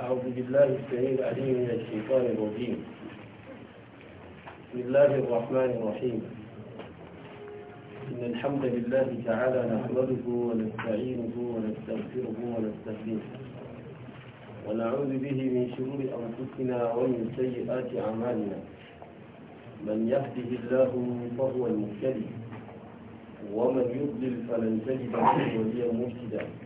أعوذ بالله السميع العليم من الشيطان الرجيم بسم الله الرحمن الرحيم إن الحمد لله تعالى نحمده ونستعينه ونستغفره ونستهديه ونعوذ به من شرور أنفسنا ومن سيئات أعمالنا من يهده الله فهو المهتدي ومن يضلل فلن تجد له وليا مرشدا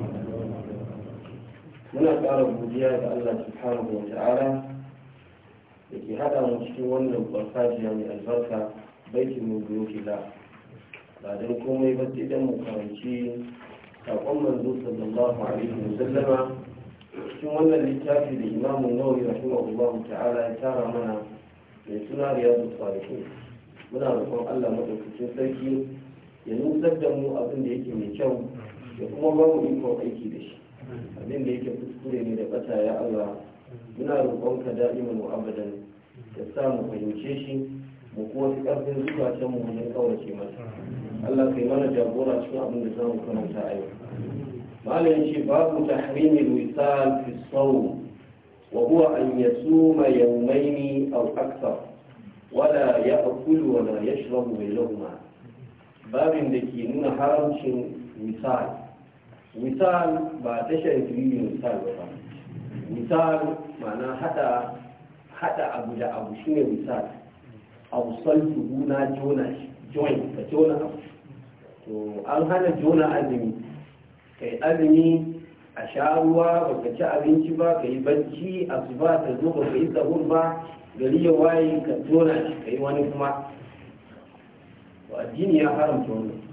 muna ƙara godiya ga Allah subhanahu wa ta'ala da ke haɗa mu cikin wannan farfajiya mai albarka baitin mu biyo kila ba don komai ba sai dan mu karanci saƙon manzo sallallahu alaihi wa sallama cikin wannan littafi da imamu nawawi rahimahullahu ta'ala ya tara mana mai suna riyadu salihin muna roƙon Allah madaukakin sarki ya nutsar da mu abin da yake mai kyau da kuma ba mu ikon aiki da shi abin da yake kuskure ne da bata ya Allah muna roƙonka da'iman mu abadan da sa mu fahimce shi mu kuwa fi ƙarfin can mu wajen kaurace masa Allah kai mana jagora cikin abin da za mu karanta a yau malam ce babu tahrimin wisal fi sawm wa huwa an yasuma yawmayn aw akthar wala ya'kul wala yashrabu lauma. babin da ke nuna haramcin misali misal ba tashar jirgin misal ba ba misal mana hada hada abu da abu shine misal ausaltu na jona join ka jona abu to an hana jona azumi kai azumi a sha ruwa baka ci abinci ba ka yi bacci asuba ta zo baka yi sahur ba gari ya waye ka jona shi ka yi wani kuma To addini ya haramta wannan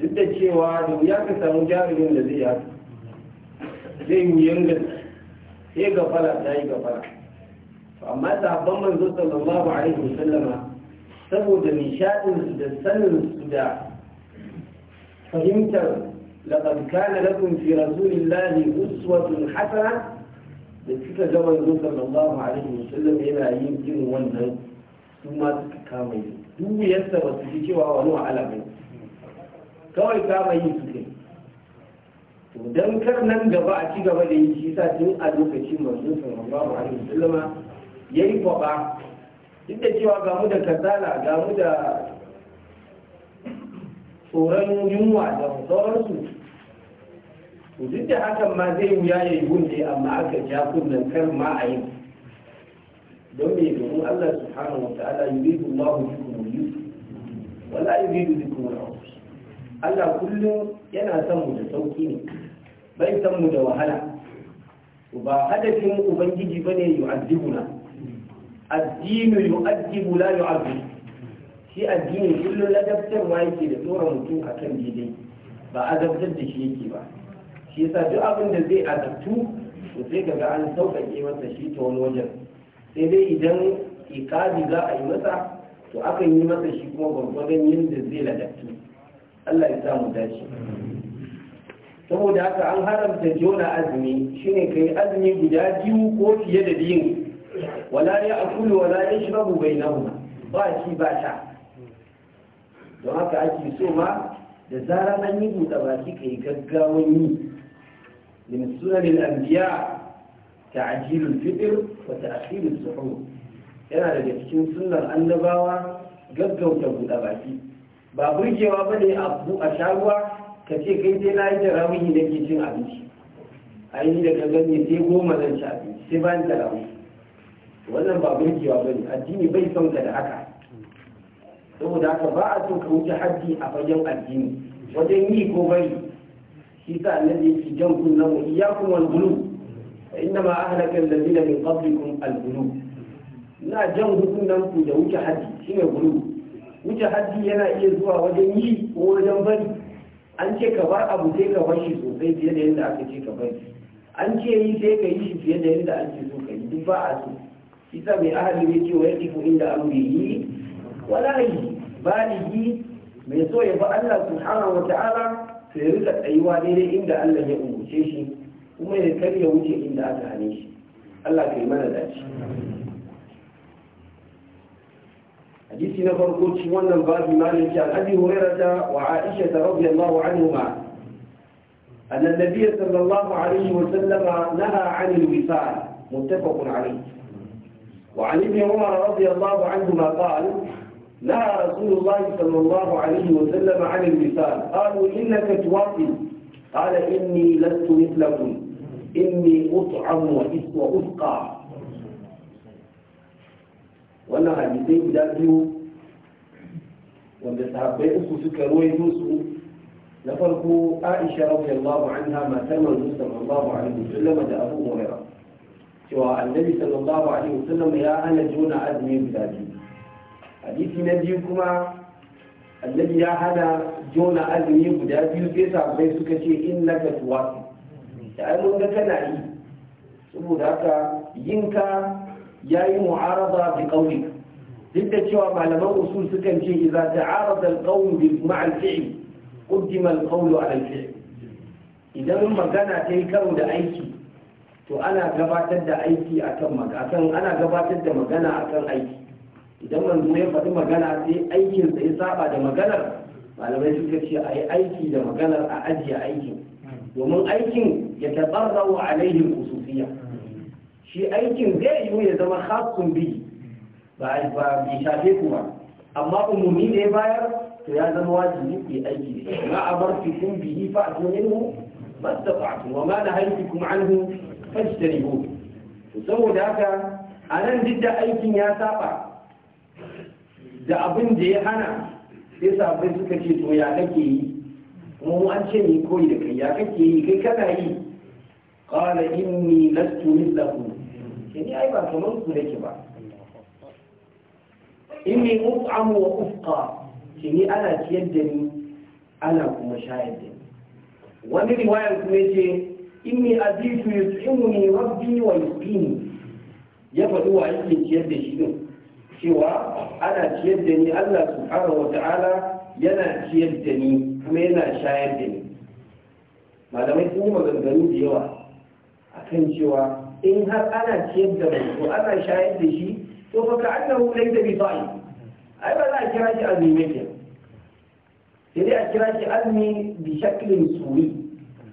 duk da cewa da ya ka samu jarumin da zai yaki zai wuyan yanga sai gafara ta yi gafara amma sabon manzo sallallahu alaihi wasallama saboda nishadin su da sanin su da fahimtar laqad kana lakum fi rasulillahi uswatun hasana da suka ga manzo sallallahu alaihi wasallam yana yin irin wannan su ma suka kama yi duk yadda ba su ji cewa wani wa'ala bai kawai kama yi su ne to don kar nan gaba a ci gaba da yi shi sa tun a lokaci masu sallallahu alaihi wasallam ya yi kwaba duk da cewa gamu da kasala gamu da tsoron yunwa da sauransu to duk da hakan ma zai wuya ya yi hunde amma aka ja kunnen kar ma a yi don me domin Allah subhanahu wa ta'ala yuridu Allahu bikum al-yusra wala yuridu bikum al-usra Allah kullum yana son mu da sauki ne bai san mu da wahala ba hadafin ubangiji bane yu'addibuna addinu yu'addibu la yu'addib shi addini kullum ladabtarwa yake da tsoron mutum akan daidai ba azabtar da shi yake ba shi yasa duk abin da zai azabtu to sai ga an sauƙaƙe masa shi ta wani wajen sai dai idan iqabi za a yi masa to akan yi masa shi kuma gwargwadon da zai ladabtu Allah ya samu dace saboda haka an haramta jona azumi shine kai azumi guda biyu ko fiye da biyu wala ya akulu wala ya shirabu bai ba shi ba sha don haka ake so ma da zara an yi buɗa baki ka yi gaggawan yi min sunanin anbiya ta ajilul fitr wa ta suhur yana daga cikin sunnar annabawa gaggauta buɗe baki ba burgewa ba ne a sharuwa ka ce kai sai na yi tarawih na ke cin abinci a yi da ka gani sai goma zan ci abinci sai bayan tarawih wannan ba burgewa ba ne addini bai son ka da haka saboda haka ba a so ka wuce haddi a fagen addini wajen yi ko bari shi sa annabi yake jan kunna mu ya kuma albulu a inda ma da zina min qablikum al ghulu na jan hukunan ku da wuce haddi ne bulu. wuce hajji yana iya zuwa wajen yi ko wajen bari an ce ka bar abu sai ka bar shi sosai fiye da yadda aka ce ka bari an ce yi sai ka yi shi fiye da yadda an ce so ka yi duk ba a so isa mai ahali ne ce wa ya kifu inda an bai yi wala yi mai so ya ba Allah hana wa ta'ala sai ya rika tsayuwa daidai inda Allah ya umurce shi kuma ya karya wuce inda aka hane shi Allah ka yi mana dace حديث نفر قدش وانا الباب مالك عن أبي هريرة وعائشة رضي الله عنهما أن النبي صلى الله عليه وسلم نهى عن الوصال متفق عليه وعن ابن عمر رضي الله عنهما قال نهى رسول الله صلى الله عليه وسلم عن الوصال قالوا إنك تواصل قال إني لست مثلكم إني أطعم وأسقى wannan hadisai guda biyu wanda sahabbai uku suka ruwaito su na farko aisha radiyallahu anha matar manzo sallallahu alaihi wasallam da abu hurairah cewa annabi sallallahu alaihi wasallam ya hana juna azumi guda biyu hadisi na biyu kuma annabi ya hana jona azumi guda biyu sai sahabbai suka ce innaka tuwasi da ai mun ga kana yi saboda haka yinka ya yi mu'arada bi ƙauni duk da cewa malaman usul sukan ce idza ta'arada al-qawlu bi ma'al fi'l qaddima al-qawlu idan magana ta yi karo da aiki to ana gabatar da aiki akan akan ana gabatar da magana akan aiki idan manzo ya faɗi magana sai aikin sa ya saba da maganar malamai suka ce a yi aiki da maganar a ajiye aiki domin aikin ya wa alaihi usufiya shi aikin zai yi ya zama haƙƙun bi ba bai shafe kuma amma umumi ne bayar to ya zama wajibi ku yi aiki da shi ma a bar fikun fa a tunin mu mastafa'atu wa ma na haifi kuma an hu fajtari hu saboda haka a nan duk da aikin ya saba da abin da ya hana sai sabai suka ce to ya kake yi kuma an ce ni koyi da kai ya kake yi kai kana yi qala inni lastu mithlahu ce ni ai ba kamar ku nake ba inni mut'amu wa ufqa ce ni ana ciyar da ni ana kuma shayar da ni wani riwayar kuma yace inni azizu yut'imuni rabbi wa yusqini ya faɗi wa yake ciyar da shi din cewa ana ciyar da ni Allah subhanahu wa ta'ala yana ciyar da ni kuma yana shayar da ni malamai sun yi maganganu da yawa akan cewa in har ana ciyar da mai ko ana shayar da shi to fa ka'annahu da bi sa'i ai ba za a kira shi azumi ne ke sai dai a kira shi azumi bi shaklin suri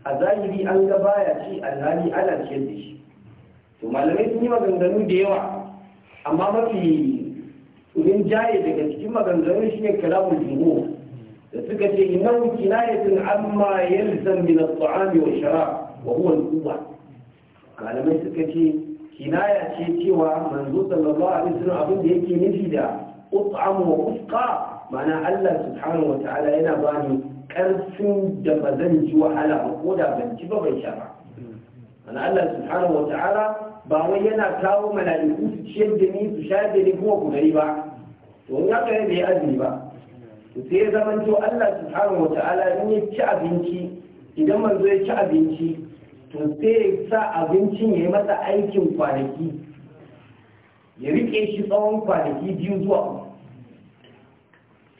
a zahiri an ga baya ci alhali ana ciyar da shi to malamai sun yi maganganu da yawa amma mafi rin jaye daga cikin maganganu shine kalamul jumhur da suka ce innahu kinayatun amma yalzam min at-ta'ami wa sharab wa huwa al malamai suka ce kinaya ce cewa manzo sallallahu alaihi wasallam abin da yake nufi da ut'amu wa usqa ma'ana Allah subhanahu wa ta'ala yana ba ni karfin da ba zan ji wahala ba ko da ban ji ba ban sha ba ma'ana Allah subhanahu wa ta'ala ba wai yana kawo mala'iku su ciyar da ni su sha da ni kuma ku gari ba to in haka ne bai azumi ba to sai ya zamanto Allah subhanahu wa ta'ala in ya ci abinci idan manzo ya ci abinci to sai sa abincin ya yi masa aikin kwanaki ya rike shi tsawon kwanaki biyu zuwa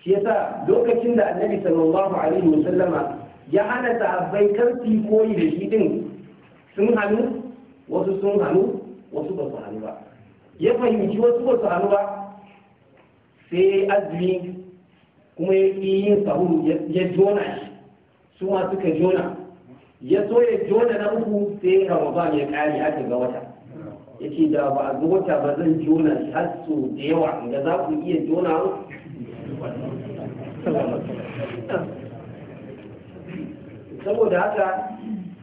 shi yasa lokacin da annabi sallallahu alaihi wasallama ya hana sahabbai kar su koyi da shi din sun hannu wasu sun hannu wasu ba su hannu ba ya fahimci wasu ba su hannu ba sai azumi kuma ya yi yin sahuru ya jona shi su ma suka jona ya so ya jona na uku sai ramadan ya kare aka ga wata ya ce da ba a zo wata ba zan jona shi har so da yawa da za ku iya jona saboda haka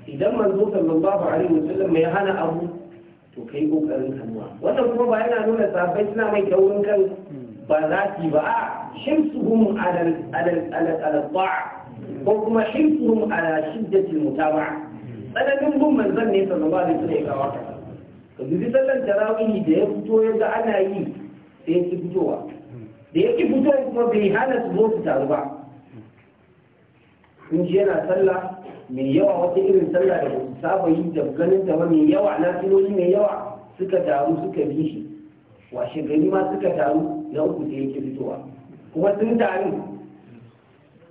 idan manzo sallallahu alaihi wasallam mai hana abu to kai kokarin kanuwa wannan kuma ba yana nuna sabai suna mai kaurin kan ba za ki ba a shamsuhum alal alal alal ko kuma hifzuhum ala shiddatil mutaba'a tsananin bin manzon ne ta alaihi wasallam ya kawo haka ka bi sallan tarawih da ya fito ya ana yi sai ya ki fitowa da ya ki fito kuma bai hana su zo su taru ba kun ji yana sallah mai yawa wata irin sallah da su saba yi da ganin ta ba mai yawa na shi mai yawa suka taru suka bi shi washe gari ma suka taru na uku sai ya ki fitowa kuma sun taru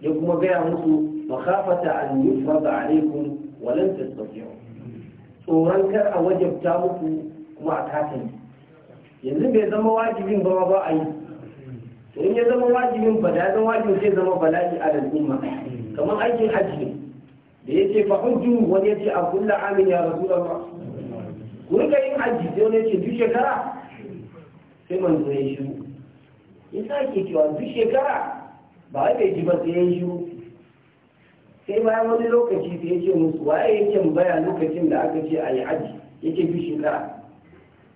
ya kuma gaya musu makhafata an yufrada alaikum alaikun lan tastati'u tsoron kar a wajabta muku kuma a katin yanzu bai zama wajibin ba ba a yi to in ya zama wajibin ba da zama wajibin zai zama bala'i a al'umma kamar aikin hajji ne da ce fa hujju wani ce a kulla amin ya rasulullah ku rika yin hajji sai wani duk shekara sai manzo ya shiru ya sake cewa duk shekara ba wai bai ji ba sai ya yi shiru sai bayan wani lokaci sai ya ce musu waye ya ce baya lokacin da aka ce a yi aji ya ce bi shekara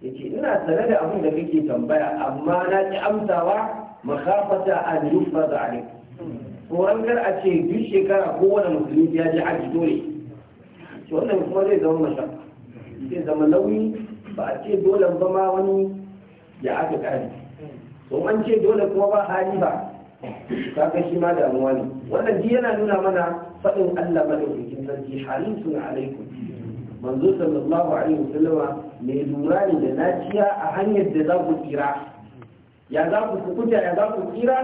ya ce ina sane da abin da kake tambaya amma na ki amsawa makafata a yufa da alaikum tsoron kar a ce duk shekara kowane musulmi ya ji aji dole shi wannan kuma zai zama mashan zai zama nauyi ba a ce dole ba ma wani ya aka kare to an ce dole kuma ba hali ba ka shi ma damuwa ne wannan ji yana nuna mana faɗin Allah maɗaukakin sarki halin suna alaikum manzo sallallahu alaihi wasallama mai lura ne da naciya a hanyar da za ku tsira ya za ku kuta ya za ku tsira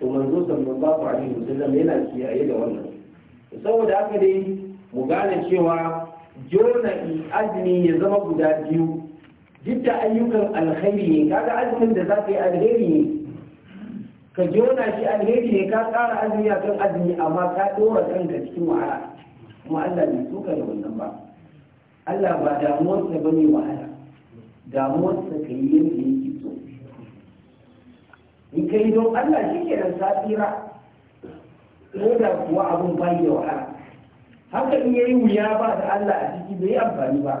to manzo sallallahu alaihi wasallama yana kiyaye da wannan saboda haka dai mu gane cewa jona azumi ya zama guda biyu duk da ayyukan alkhairi ne kaga azumin da za ka yi alheri ne ka jona shi alheri ne ka tsara azumi a kan azumi amma ka ɗora kan da cikin wahala kuma Allah bai suka da wannan ba Allah ba damuwarsa ba ne wahala damuwarsa ka yi yadda yake so in ka yi don Allah shi ke nan safira ko da kuwa abin bai da wahala haka in yayi wuya ba da Allah a ciki bai amfani ba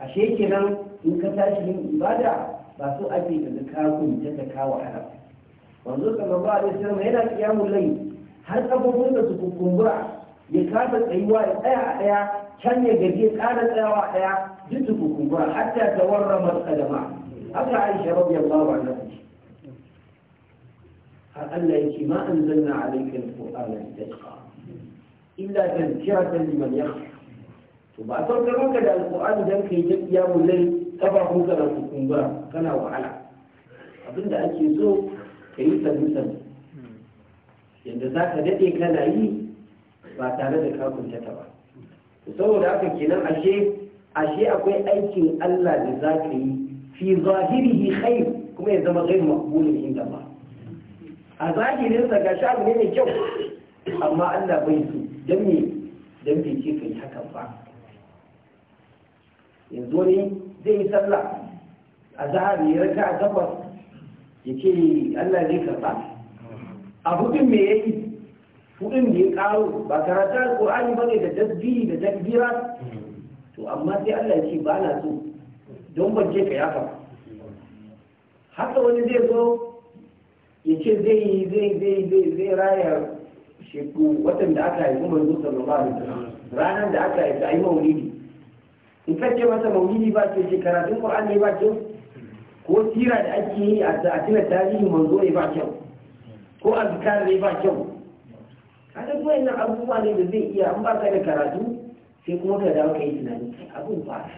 ashe kenan in ka tashi yin ibada ba so ake da ka kunta ta kawo wahala Wanzu manzo a alaihi wasallam yana qiyamul lai har kafofin da su kumbura ya kasa tsayuwa ya tsaya a ɗaya can ya gaji ya ƙara tsayawa a ɗaya duk su kumbura hatta masu qadama haka Aisha na anha har Allah ya ce ma anzalna alayka alqur'ana ƙa illa tadhkiratan liman yakhsha to ba saukar maka da don ka kai ta qiyamul layl kafafun na kumbura kana wahala abinda ake so ka yi sannu sannu yadda za ka daɗe kana yi ba tare da kakunta ta ba saboda haka kenan ashe ashe akwai aikin Allah da za ka yi fi zahirihi khair kuma ya zama gairu makbulin inda ba a zahirin sa ga shabu ne mai kyau amma Allah bai so dan me dan bai ce kai hakan ba yanzu ne zai yi sallah a zahiri raka'a takwas yake Allah zai karɓa a hudun me ya yi hudun da ya karo ba karatu alƙur'ani ba ne da tasbihi da takbira to amma sai Allah ya ce ba na so don ban je ka yafa haka wani zai zo ya ce zai yi zai zai zai zai raya shekaru watan da aka haifi manzo sallallahu ba wasallam ranar da aka haifi ayi maulidi in kace masa maulidi ba ke shekara din ne ba ke ko sira da ake yi a tuna tarihi manzo ne ba kyau ko azkar ne ba kyau kada kuma yana abubuwa ne da zai iya an ba ka da karatu sai kuma ka dawo ka yi tunani abin ba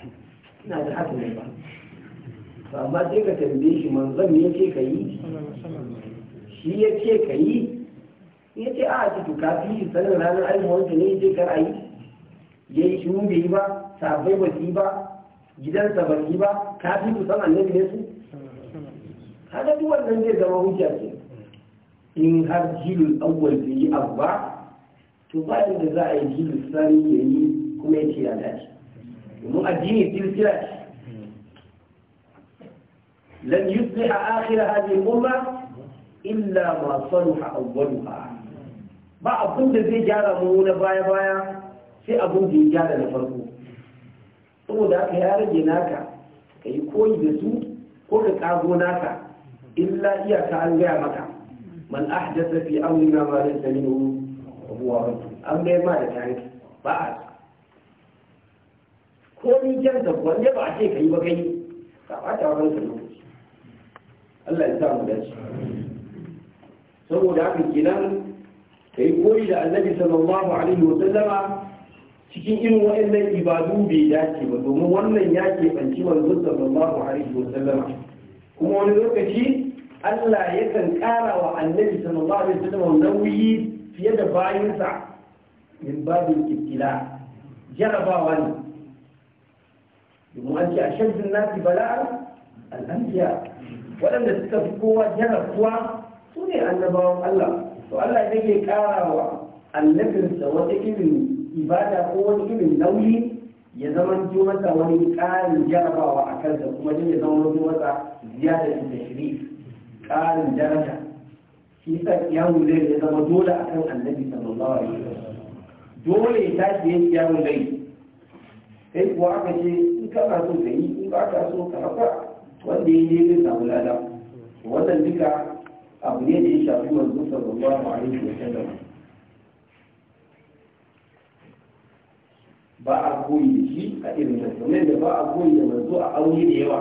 ina da haka ne ba amma sai ka tambaye shi manzon ya ce ka yi shi ya ce ka yi ya ce a ci to kafi sanin ranar aihuwarsa ne ya ce kar a yi ya yi shiru bai yi ba sabai ba ba gidansa ba su yi ba kafin ku san annabi ne su kaga duk wannan zai zama hujja ce in har jilul awwal bai yi abu ba to ba da za a yi jilul sani ya yi kuma ya ce ya dace domin addini silsila ce lan yusliha a akhira al-umma illa ma salaha awwaluha ba abin da zai gyara mu na baya baya sai abin da ya gyara na farko saboda haka ya rage naka ka yi koyi da su ko ka kago naka illa ta an gaya maka man ahdasa fi amrina ma laysa minhu huwa an bai ma da tarihi ba a ko ni jan da wanda ba a ce kai ba kai ka bata wa wannan sunan Allah ya sa mu dace saboda haka kenan kai koyi da Annabi sallallahu alaihi wa sallama cikin irin wa'annan ibadu bai dace ba domin wannan ya ke banci manzon sallallahu alaihi wa sallama kuma wani lokaci Allah yakan ƙara wa annabi sallallahu alaihi wasallam nauyi fiye da bayinsa min babin ibtila jarabawa ne domin a ce a shaddin nasi bala'a al'ambiya waɗanda suka fi kowa jarabuwa su ne annabawan Allah to Allah yake ƙara wa annabinsa wata irin ibada ko wani irin nauyi ya zama masa wani ƙarin jarabawa a kansa kuma ya zama masa ziyadar da shiri ƙarin daraja shi sa kiyamun zai ya zama dole a kan annabi sallallahu alaihi dole ya tashi ya kiyamun zai kai kuwa aka ce in ka so ka yi in ba ka so ka haka wanda ya yi zai samu lada wannan duka abu ne da ya shafi wanzu sallallahu alaihi wasallam ba a koyi da shi a irin da da ba a koyi da manzo a aure da yawa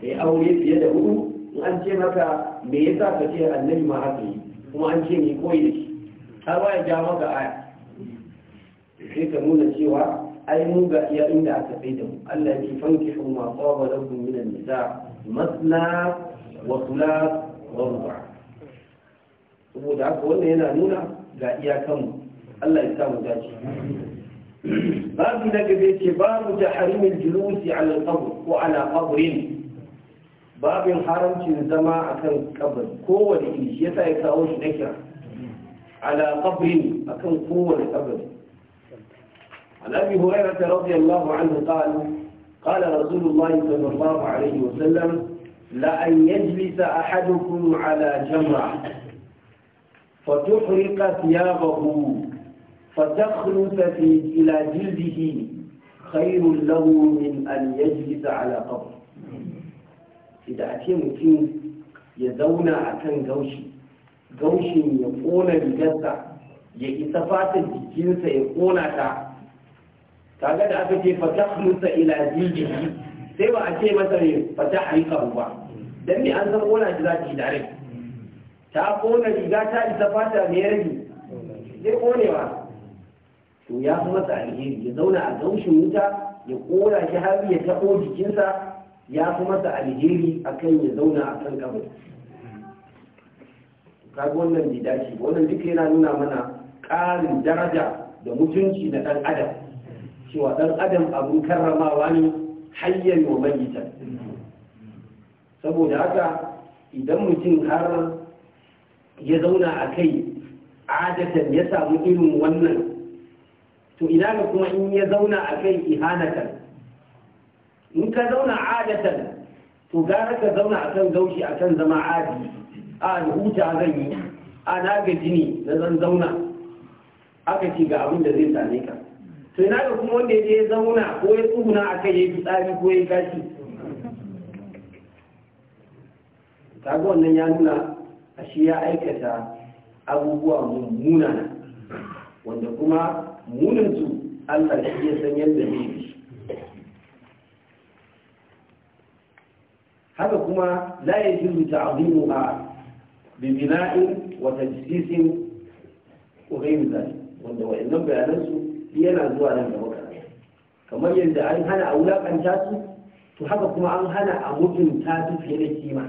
kai aure fiye da hudu an ce maka me yasa ka ce annabi ma haka yi kuma an ce ni koyi da shi har ba ya ja maka aya sai ka nuna cewa ai mu ga iya inda aka tsaye da mu Allah ya fankihu ma qaba lakum minan nisa masna wa thulath wa ruba saboda haka wannan yana nuna ga iya kanmu Allah ya samu dace babu da gabe ce babu harimin julusi ala al-qabr ko ala qabrin باب الحرم zama akan kabari kowane iri shi yasa ya kawo shi na kira ala kabrin akan عن ابي هريره رضي الله عنه قال قال رسول الله صلى الله عليه وسلم لان يجلس احدكم على جمره فتحرق ثيابه فتخلص الى جلده خير له من ان يجلس على قبر idan a ce mutum ya zauna a kan gaushi gaushin ya ƙona rigarsa ya isa fatan jikinsa ya ƙona ta kaga da aka ce fata musa ila jirgin sai ba a ce masa ne fata harika ba don ne an san ƙona shi za ta yi dare ta ƙona riga ta isa fata ne ya rage zai ƙonewa to ya fi masa alheri ya zauna a gaushin wuta ya ƙona shi har ya taɓo jikinsa ya fi masa alheri akan ya zauna a kan kabari kaga wannan bai dace wannan duka yana nuna mana ƙarin daraja da mutunci na ɗan adam cewa ɗan adam abin karramawa ne hayyan wa mayitan saboda haka idan mutum har ya zauna a kai adatan ya samu irin wannan to ina ga kuma in ya zauna a kai ihanatan in ka zauna adatan to gara ka zauna a zaushi gaushi kan zama adi a huta zan yi a na gaji ne na zan zauna aka ci ga abin da zai same ka to yana ga kuma wanda ya zauna ko ya tsuguna a kai ya yi fitsari ko ya yi gashi kaga wannan ya nuna a shi ya aikata abubuwa mummuna wanda kuma su allah shi ya san yadda zai haka kuma la yajuzu ta'dhimuha bi bina'in a tajsisin wata ghayr dhalik wanda wa'annan bayanan su yana zuwa nan gaba kaɗan kamar yadda an hana a wulakanta su to haka kuma an hana a mutunta su fiye da kima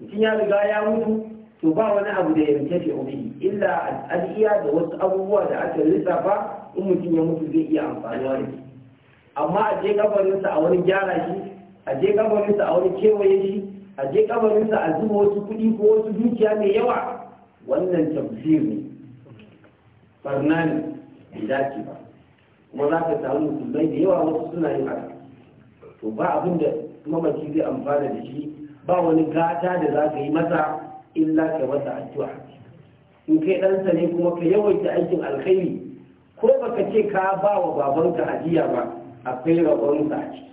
mutum ya riga ya mutu to ba wani abu da ya tafi ubi illa al'adiya da wasu abubuwa da aka lissafa in mutum ya mutu zai iya amfani da amma a je kafarinsa a wani gyara shi a je kabarinsa a wani kewaye shi a je kabarinsa a zuba wasu kuɗi ko wasu dukiya mai yawa wannan tafsir ne barna ne bai dace ba kuma za ka samu musulmai da yawa wasu suna yin haka to ba abin da mamaki zai amfana da shi ba wani gata da za ka yi masa illa ka masa addu'a in kai ɗansa ne kuma ka yawaita aikin alkhairi ko baka ce ka ba wa babanka ajiya ba akwai rabon sa a ciki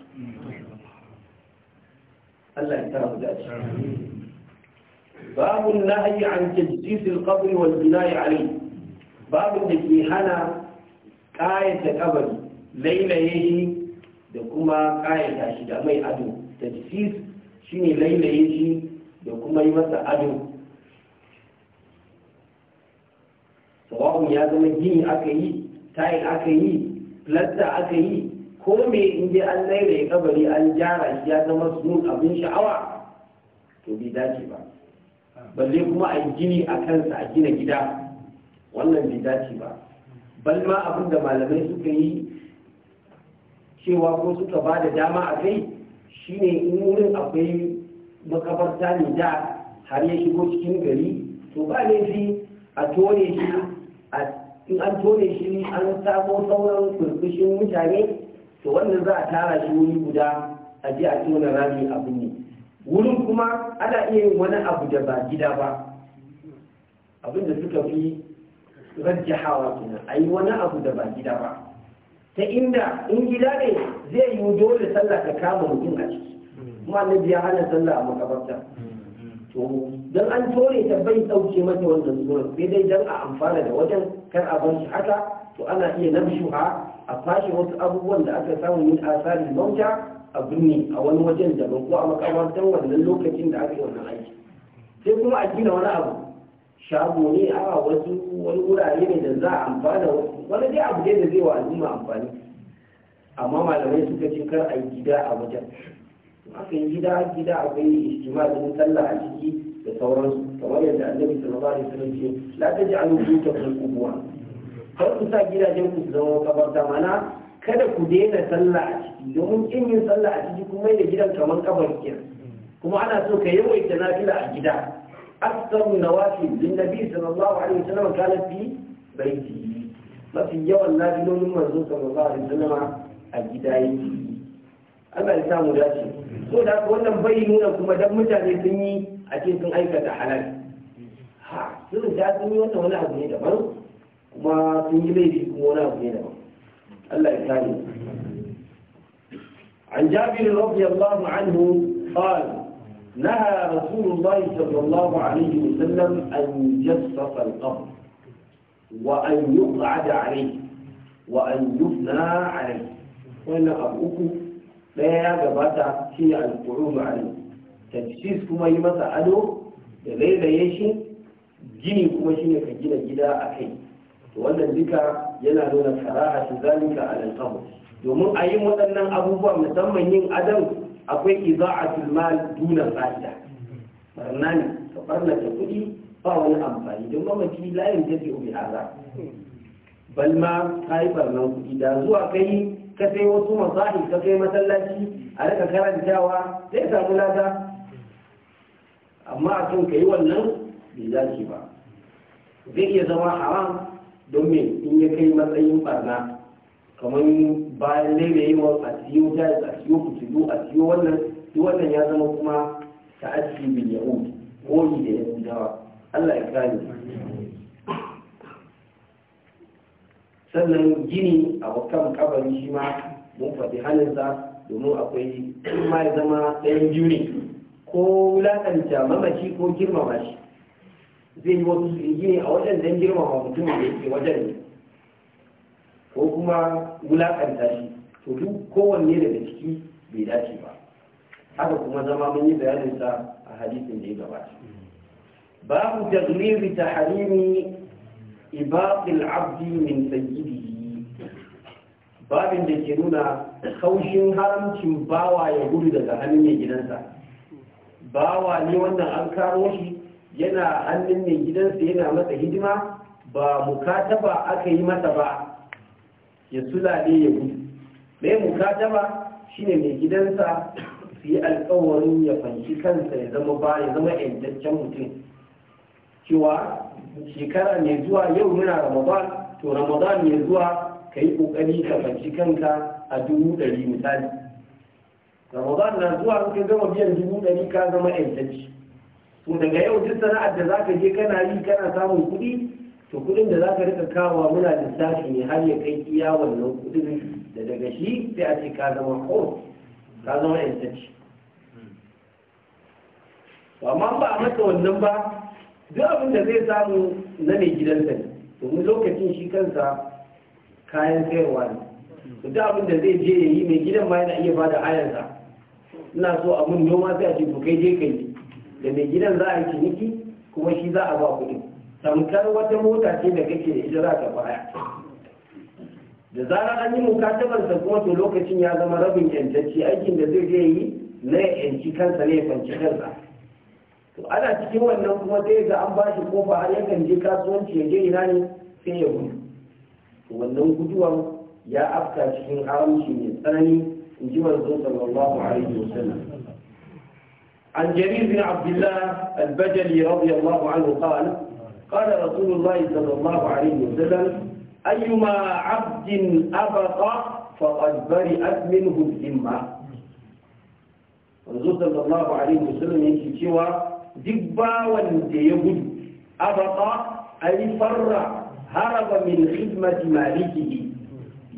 Allah ya tara mu da shi باب النهي عن تجسيس القبر والبناء عليه باب الذي هنا da kuma ƙayata shi da mai ado tajsis shine lailaye shi da kuma yi masa ado sawa'un ya zama gini aka yi tayin aka yi plasta aka yi ko me in je an ya kabari an gyara shi ya zama sun abin sha'awa to bai dace ba balle kuma a gini a kansa a gina gida wannan bai dace ba bal ma abin da malamai suka yi cewa ko suka ba da dama a kai shine in wurin akwai makabarta ne da har ya shigo cikin gari to ba laifi a tone shi in an tone shi an samo sauran kurkushin mutane to wannan za a tara shi wuri guda a je a tona rami a ne wurin kuma ana iya yin wani abu da ba gida ba abinda suka fi hawa kenan a yi wani abu da ba gida ba ta inda in gida ne zai yi dole sallah ta kama mutum a ciki kuma annabi ya hana sallah a makabarta don an tore ta bai dauke mata wannan zuwan sai dai don a amfana da wajen kar a bar shi haka to ana iya namshuha a fashe wasu abubuwan da aka samu min asarin mauta a binne a wani wajen da ko a makamantan wannan lokacin da aka yi wannan aiki sai kuma a gina wani abu shago ne a wasu wani wurare ne da za a amfana wani dai abu dai da zai wa al'umma amfani amma malamai suka ce kar a yi gida a wajen akan gida gida akwai ijtima'in sallah a ciki da sauransu kamar yadda annabi sallallahu alaihi wasallam ce la buta buyutakum qubura kar ku sa gidajen ku zama kabarta mana kada ku daina sallah a ciki domin kin yin sallah a ciki kuma da gidan kamar kabar ke kuma ana so ka yawaita nafila a gida aksaru nawafil din nabi sallallahu alaihi wasallam kana fi baiti mafi yawan nafilolin manzo sallallahu alaihi wasallam a gida yake Allah ya samu dace so da wannan bai nuna kuma dan mutane sun yi a ce sun aikata halal ha sun da sun yi wannan wani abu ne daban kuma sun yi laifi kuma wani abu ne daban Allah ya kare عن جابر رضي الله عنه قال نهى رسول الله صلى الله عليه وسلم أن يجسس القبر وأن يقعد عليه وأن يفنى عليه وأن أبوكم ɗaya ya gabata shi ne alƙurubu a tajsis kuma yi masa ado da lailaye shi gini kuma shi ne ka gina gida a kai wannan duka yana nuna karaha shi zalika a lantarki domin a yin waɗannan abubuwa musamman yin adam akwai iza'atul mal duna fa'ida barna ne ka barnata kuɗi ba wani amfani don mamaki layin tafi ubi haza balma ka yi barnan kuɗi da zuwa kai ka sai wasu masahi ka kai masallaci a rika karantawa zai samu lada amma a kan ka yi wannan bai dace ba zai iya zama haram domin in ya kai matsayin barna kamar bayan yi wa a siyo jayis a siyo kutubu a siyo wannan shi wannan ya zama kuma bin bil ko yi da yahudawa Allah ya kare sannan gini a kan kabari shi ma mun faɗi halinsa domin akwai in ma ya zama ɗayan biyu ko wulaƙanta mamaci ko girmama shi zai yi wasu su gini a wajen don girmama mutumin da yake wajen ne ko kuma wulaƙanta shi to duk kowanne daga ciki bai dace ba haka kuma zama mun yi bayaninsa a hadisin da ya gabata babu tagliri ta harimi ibadil abdi min sayyidihi babin da ke nuna kaushin haramcin bawa ya gudu daga hannun mai gidansa bawa ne wannan an karo shi yana hannun mai gidansa yana masa hidima ba mukataba aka yi masa ba ya sulale ya gudu mai mukataba shine mai gidansa su yi alkawarin ya fanci kansa ya zama ba ya zama yantaccen mutum cewa shekara mai zuwa yau muna ramadan to ramadan mai zuwa ka yi ƙoƙari ka fanci kanka a dubu ɗari misali ramadan na zuwa ka gama biyan dubu ɗari ka zama ƴantacci to daga yau duk sana'ar da zaka je kana yi kana samun kuɗi to kuɗin da zaka rika kawowa muna lissafi ne har ya kai iya wannan kuɗin da daga shi sai a ce ka zama ko ka zama ƴantacci amma ba a mata wannan ba duk abin da zai samu na mai gidansa ne domin lokacin shi kansa kayan sayarwa ne duk abin da zai je ya yi mai gidan ma yana iya bada hayarsa ina so abin noma sai a ce to kai je yi da mai gidan za a yi ciniki kuma shi za a ba kuɗi tamkar wata mota ce da kake da ita za ka baya da zarar an yi mukatabarsa kuma to lokacin ya zama rabin yantacci aikin da zai je yi na yanci kansa ne ya fanci kansa ana cikin wannan kuma sai ga an bashi kofa har yakan je kasuwanci ya je ina ne sai ya gudu to wannan guduwan ya afka cikin haramci mai tsanani in ji manzo sallallahu alaihi wasallam عن جرير بن عبد الله البجلي رضي الله عنه قال قال رسول الله صلى الله عليه وسلم أيما عبد أبق فقد برئت منه الذمة manzo sallallahu alaihi wasallam yake cewa duk bawan da ya gudu a yi farra haraba min khidmati malikihi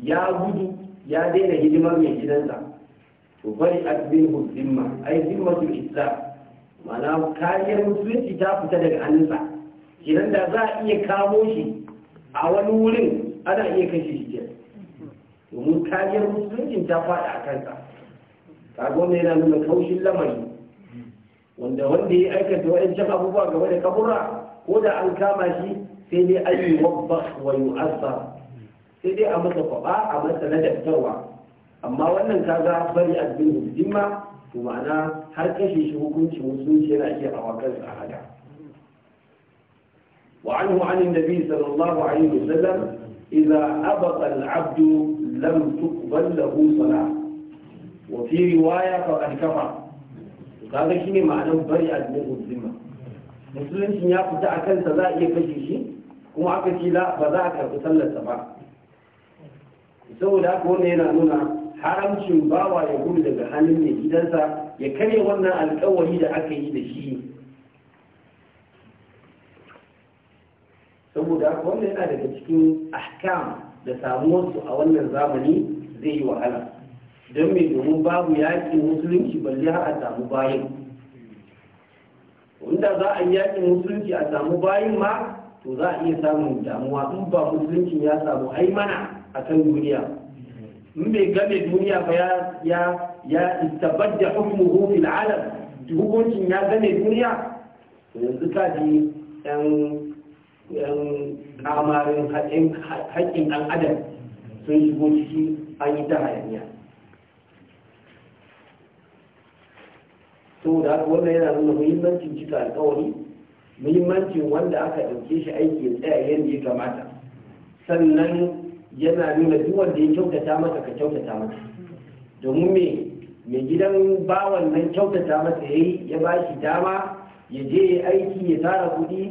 ya gudu ya daina hidimar mai gidansa to bari adbinhu zimma ay zimmatul isa. mana kariyar musulunci ta fita daga hannunsa idan da za a iya kamo shi a wani wurin ana iya kashe shi ke domin kariyar musulunci ta faɗa a kansa kago ne na nuna kaushin lamari wanda wanda ya aikata wa'ancan abubuwa game da kabura ko da an kama shi sai dai an yi wabba wa sai dai a masa kwaba a masa daftarwa amma wannan kaga bari addinin zimma to ma'ana har kashe shi hukuncin musulunci yana iya a wakan sahada وعنه عن النبي صلى الله عليه وسلم إذا أبط العبد لم تقبل له صلاة وفي رواية فقد كفر kaga ne ma'anar bari a cikin zimma musuluncin ya fita a kansa za a iya kashe shi kuma aka ce ba za a karɓi sallarsa ba saboda haka wannan yana nuna haramcin bawa ya gudu daga hannun mai gidansa ya karya wannan alkawari da aka yi da shi saboda haka wannan yana daga cikin ahkam da samuwarsu a wannan zamani zai yi wahala don mai domin babu yaƙi musulunci balle har a samu bayan wanda za a yi yaƙin musulunci a samu bayan ma to za a iya samun damuwa in ba musulunci ya samu haimana a kan duniya in bai game duniya ba ya ya istabar da hukumuhu fil alam hukuncin ya game duniya yanzu ka ji yan kamarin haƙƙin ɗan adam sun shigo ciki an yi ta hayaniya da haka wannan yana nuna muhimmancin cika alkawari muhimmancin wanda aka ɗauke shi aiki ya tsaya yadda ya kamata sannan yana nuna duk wanda ya kyautata masa ka kyautata masa domin me mai gidan bawan nan kyautata masa ya yi ya ba shi dama ya je ya aiki ya tara kuɗi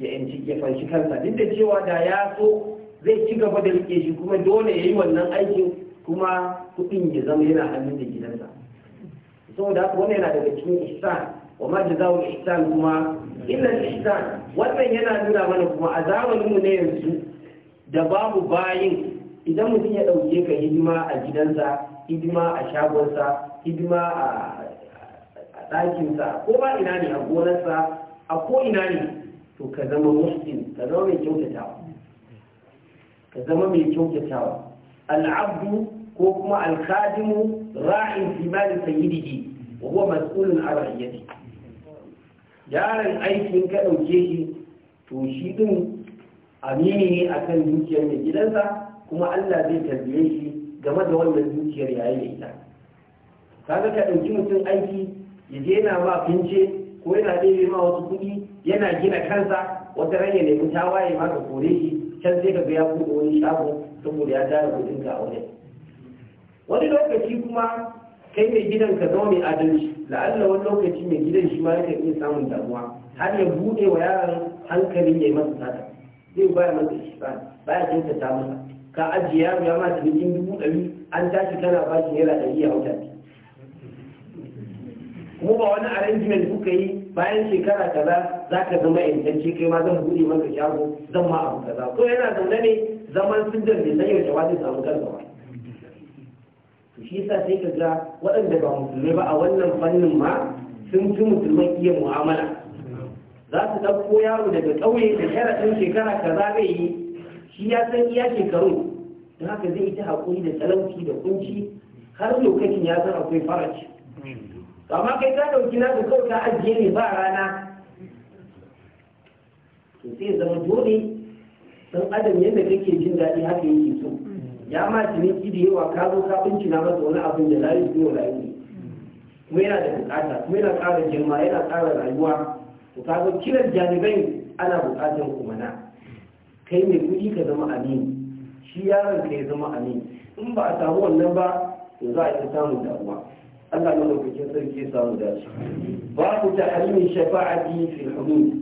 ya yanci ya fanshi kansa duk da cewa da ya so zai ci gaba da rike shi kuma dole ya yi wannan aikin kuma kuɗin ya zama yana hannun da gidansa saboda haka wannan yana daga cikin ihsan wa ma jazaa'u ihsan kuma illa ihsan wannan yana nuna mana kuma a zamanin mu na yanzu da babu bayin idan mutum ya dauke ka hidima a gidansa hidima a shagonsa hidima a ɗakinsa ko ba ina ne a gonarsa a ko ina ne to ka zama muslim ka zama mai kyautatawa ka zama mai kyautatawa al'abdu ko kuma alkhadimu ra'in fi mali sayyidihi wa huwa mas'ulun an ra'iyati yaron aikin ka dauke shi to shi din amini ne akan dukiyar mai gidansa kuma Allah zai tarbiye shi game da wannan dukiyar yayi da ita kaga ka dauki mutum aiki ya je yana ma fince ko yana ɗebe ma wasu kuɗi yana gina kansa wata ran ya nemi ma ka kore shi can sai ka ga ya buɗe wani shago saboda ya tara kuɗin ka a wajen wani lokaci kuma kai mai gidan ka zama mai adalci la'alla wani lokaci mai gidan shi ma yakan iya samun damuwa har ya bude wa yaran hankalin ya yi masa sata zai baya masa ihsan baya ta samu ka ajiye yaro ya mata cikin dubu ɗari an tashi kana ba shi naira ɗari ya wuta kuma ba wani arrangement kuka yi bayan shekara kaza za ka zama yantacce kai ma zan buɗe maka shago zan ma abu kaza ko yana zaune ne zaman sun da zai yi yaushe ba zai samu kansa ba shi yasa sai ka ga waɗanda ba musulmai ba a wannan fannin ma sun fi musulman iya mu'amala za su ɗauko yaro daga ƙauye da sharaɗin shekara ka za ka yi shi ya san iya shekaru don haka zai yi ta haƙuri da talauci da kunci har lokacin ya san akwai faraci amma kai ka ɗauki na ka kawai ajiye ne ba rana to sai zama dole dan adam yadda kake jin daɗi haka yake so ya ma ciniki da yawa ka zo ka bincina masa wani abin da layi biyu layi ne kuma yana da bukata kuma yana ƙara girma yana ƙara rayuwa to ka zo kiran jami'ai ana bukatar kumana kai mai kudi ka zama amini shi yaron ka ya zama amini in ba a samu wannan ba to za a yi samun damuwa Allah na lokacin sarki ya samu dace babu ta halimin shafa'a fil hudud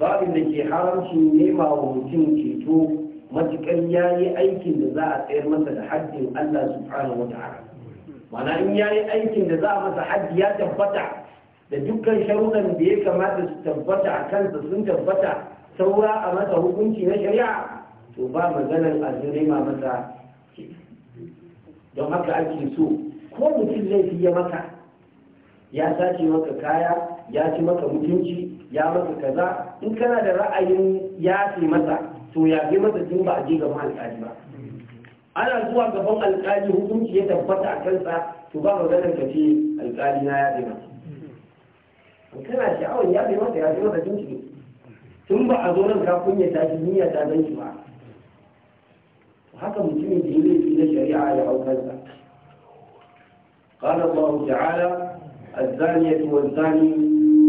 babin da ke haramcin nema wa mutum ceto matukar ya yi aikin da za a tsayar masa da haddin Allah subhanahu wa ta'ala mana in ya yi aikin da za a masa haddi ya tabbata da dukkan sharuɗan da ya kamata su tabbata a kansa sun tabbata saura a masa hukunci na shari'a to ba maganar azurima masa don haka ake so ko mutum laifi ya maka ya sace maka kaya ya ci maka mutunci ya maka kaza in kana da ra'ayin ya fi masa to ya fi masa tun ba a je gaban alƙali ba ana zuwa gaban alƙali hukunci ya tabbata a kansa to ba ganin ka ce alƙali na ya fi masa kana sha'awar ya fi masa ya fi masa tun ciki tun ba a zo nan ka kunya ta shi niyya ta zan shi ba haka mutumin da yi fi na shari'a ya hau kansa قال الله تعالى الزانية والزاني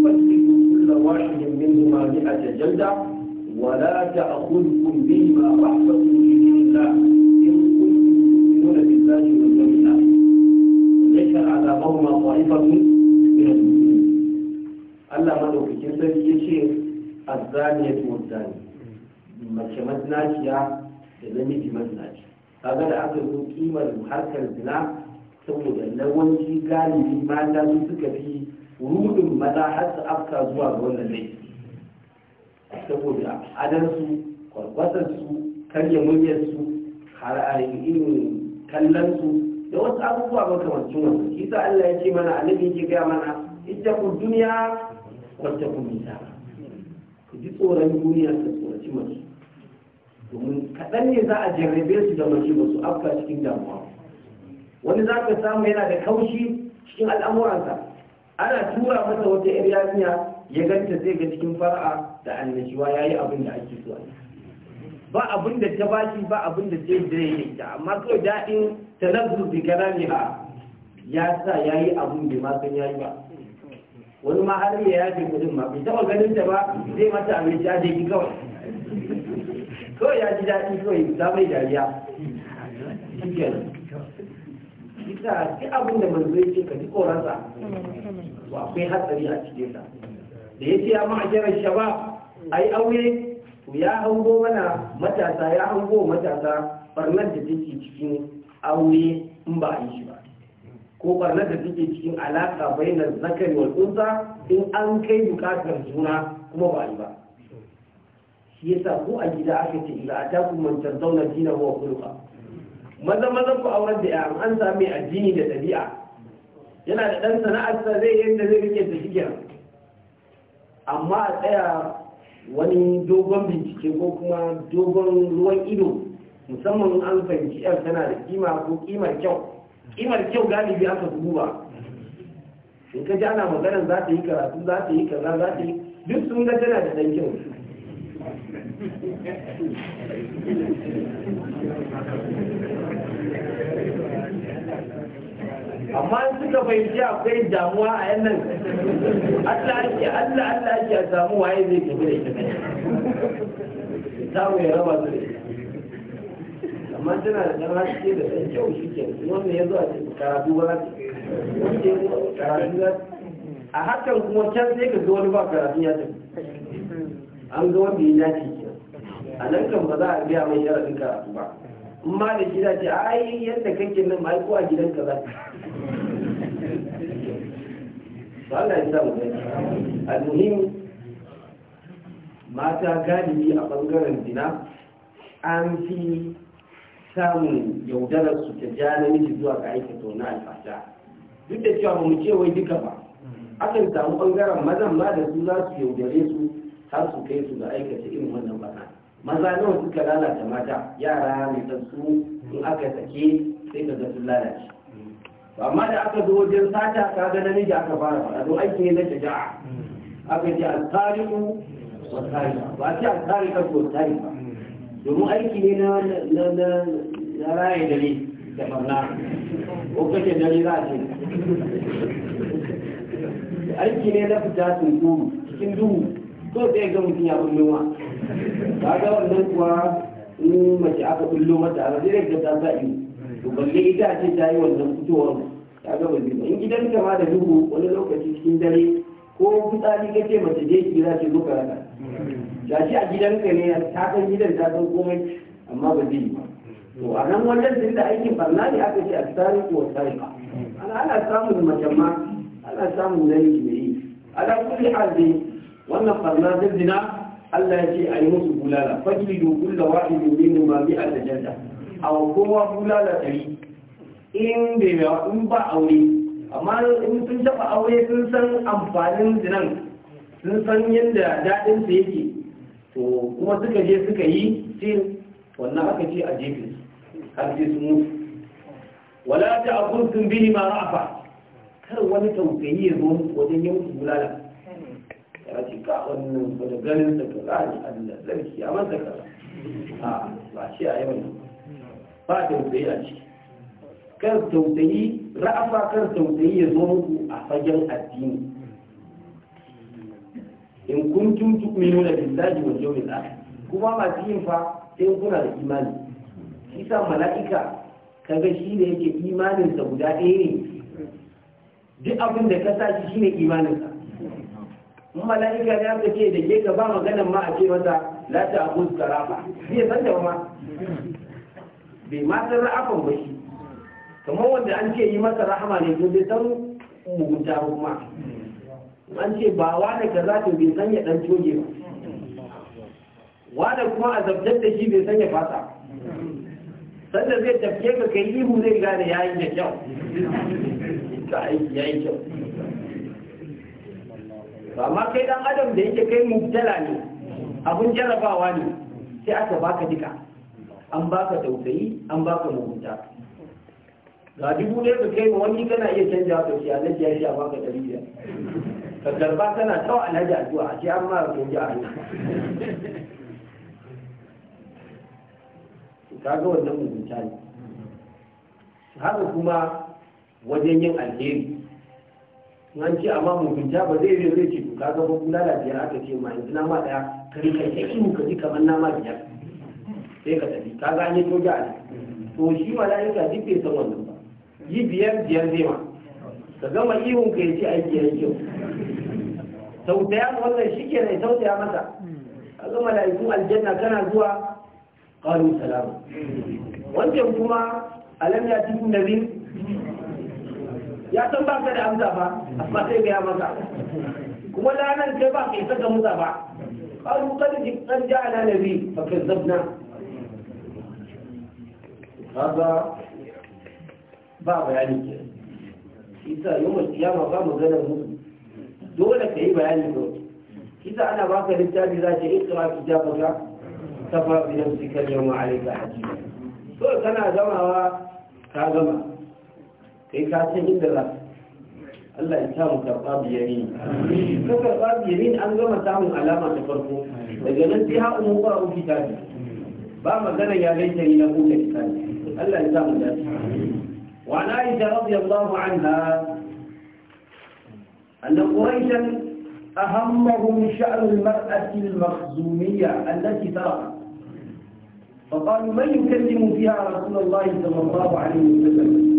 فاتقوا كل واحد منهما مئة جلدة ولا تأخذكم بما رحمة في دين الله إن كنتم بالله واليوم الآخر على قوم طائفة من المؤمنين ألا في الزانية والزاني ما شمتناش يا زميتي مدناش هذا العقل هو قيمة محركة الزنا سوّد اللون في قالي في مانا نسك في ورود مداحة أبكى زوار ولا ليس saboda adansu kwarkwatarsu karya muryarsu irin kallonsu da wasu abubuwa makamancin wasu shi sa Allah ya ce mana annabi yake gaya mana ita ku duniya wata ku nisa ku ji tsoron duniya ta tsoraci masu domin kaɗan ne za a jarrabe su da mace masu afka cikin damuwa wani za ka samu yana da kaushi cikin al'amuransa ana tura masa wata yar ya ganta zai ga cikin fara'a da annashuwa ya yi abin da ake so ba abin da ta bashi ba abin da zai dire ta amma kawai daɗin tanazzu bi kalamiha ya sa ya yi abin da ma san ya yi ba wani ma har ya yafe kudin ma bai taɓa ganin ta ba zai mata abin da ya kawai kawai ya ji daɗi kawai ta mai dariya isa ki abin da manzo yake ka ji koransa Wa akwai hatsari a cikin sa da yake ya ma'ajara shabab ai aure to ya hango mana matasa ya hango matasa barnar da take cikin aure in ba a yi shi ba ko barnar da take cikin alaka na zakari wa tsunsa in an kai bukatar juna kuma ba a yi ba shi yasa ko a gida aka ce ila atakum zauna tardawna dinahu wa khuluqa maza mazan ku aurar da yaran an sami addini da ɗabi'a yana da ɗan sana'ar sa zai yadda zai rike ta amma a tsaya wani dogon bincike ko kuma dogon ruwan ido musamman an fahimci yar tana da kima ko kimar kyau kimar kyau galibi aka fi duba in ka ji ana maganar za ta yi karatu za ta yi kaza za ta yi duk sun ga tana da ɗan kyau amma in suka fahimci akwai damuwa a yan nan Allah ake Allah Allah ake a samu waye zai tafi da ita samu ya raba su da amma tana da ɗan haske da ɗan kyau shi ke wanda ya zo a cikin karatu ba za su karatu za a hakan kuma can sai ka ga wani ba karatu ya tafi an ga wanda ya dace a nan kan ba za a biya mai yaran karatu ba in ma da gida ce ai yadda kake nan ma ai ko a gidanka za ka Allah ya samu gani mata galibi a bangaren zina an fi samun yaudarar su ta ja namiji zuwa ga aikata na alfasha duk da cewa ba mu ce wai duka ba akan samu bangaren mazan ma da su za su yaudare su har su kai su ga aikata irin wannan ba maza nawa suka lalata mata yara mai tsatsu in aka sake sai ka ga sun lalace amma da aka zo wajen sata ka ga da aka fara fara don aiki na shaja'a aka ji al-tariqu wa tariqa ba ce al-tariqa ko tariqa domin aiki ne na na na na raye da ne da barna ko kake da ne za ce aiki ne na fita sun duhu cikin duhu ko sai ga mutum ya bullowa ka ga wannan kuwa in mace aka kullum mata a zai ga ta sa'i balle ita ce ta yi wannan fitowar ta ga ba in gidan ka ma da duhu wani lokaci cikin dare ko fitsari ka ce mace je ki za ki zo ka raka ga shi a gidan ka ne ta san gidan ta san komai amma ba zai yi ba to a nan wannan tun da aikin barna ne aka ce a tsari ko tsari ba ana samun mace ma ana samun nan mai yi ala kulli hal dai wannan barna ta zina Allah ya ce a yi musu bulala fajlidu kullu wahidin minhum ma da jannah a kowa bulala ɗari in bai in ba aure amma in sun taɓa aure sun san amfanin zinan sun san yadda daɗin su yake to kuma suka je suka yi sin wannan aka ce a jefin har ce sun mutu wala ta abun sun bihi ma ra'afa kar wani tausayi ya zo wajen yin bulala ya ce ka wannan wani ganin da ka za a Allah zarki a masa ka ba shi a yi wannan ba tausayi a ciki kar tausayi ra'afa kar tausayi ya zo muku a fagen addini in kun kuntum tu'minuna billahi wal yawmil akhir kuma masu yin fa sai kuna da imani shi sa mala'ika kaga shi ne yake imaninsa guda ɗaya ne duk abin da ka sa shi ne imaninsa in mala'ika ya ka ce da ke ka ba maganan ma a ce masa la ta abu karafa zai san da ma bai ma san ra'afan ba shi kamar wanda an ce yi masa rahama ne to bai san mugunta ba kuma an ce ba wani kaza to bai san ya dan coge ba wani kuma a zabtar da shi bai san ya fasa sanda zai tafke ka kai ihu zai gane ya yi da kyau ka aiki ya yi kyau ba ma kai dan adam da yake kai mubtala ne abun jarabawa ne sai aka baka duka an baka tausayi an baka mugunta ga dubu ɗaya ka kai wani kana iya canja ka ce alhaji ya a baka ɗari biyar ka karba kana tawa alhaji addu'a a ce an mara gobe a Ka kaga wannan mugunta ne haka kuma wajen yin alheri an ce amma mugunta ba zai zai zai ce Ka kaga ba kula da biyar aka ce ma yanzu nama ɗaya ka rika ta ihu ka ji kamar nama biyar sai ka tafi ka gane ko ga ne to shi mala'ika duk bai san wannan ba yi biyar biyar zai ma ka gama ihun ka yace aiki yayi kyau tautaya wannan shi ke nai tautaya masa ga mala'ikun aljanna kana zuwa qalu salama wancan kuma alam ya tiku nabi ya san ba ka da amsa ba amma sai ga masa kuma lanar kai ba ka isa ga musa ba qalu qad ji'ana nabi fa kazzabna kaga ba bayani ke isa yau mai kiyama ba maganar musu dole ka yi bayani ko Isa ana baka littafi za ta ikra kitabaka kafa bi nafsika yawma alayka hasiba to kana zamawa. ka gama kai ka san inda za Allah ya samu karɓa biyarin ka karɓa biyarin an gama samun alama ta farko daga nan sai ha umu ba uki tafi ba magana ya laita ni na kuka ne. ألا يزال ذلك وعن عائشة رضي الله عنها أن قريشا أهمهم شأن المرأة المخزومية التي تركت فقالوا من يكلم فيها رسول الله صلى الله عليه وسلم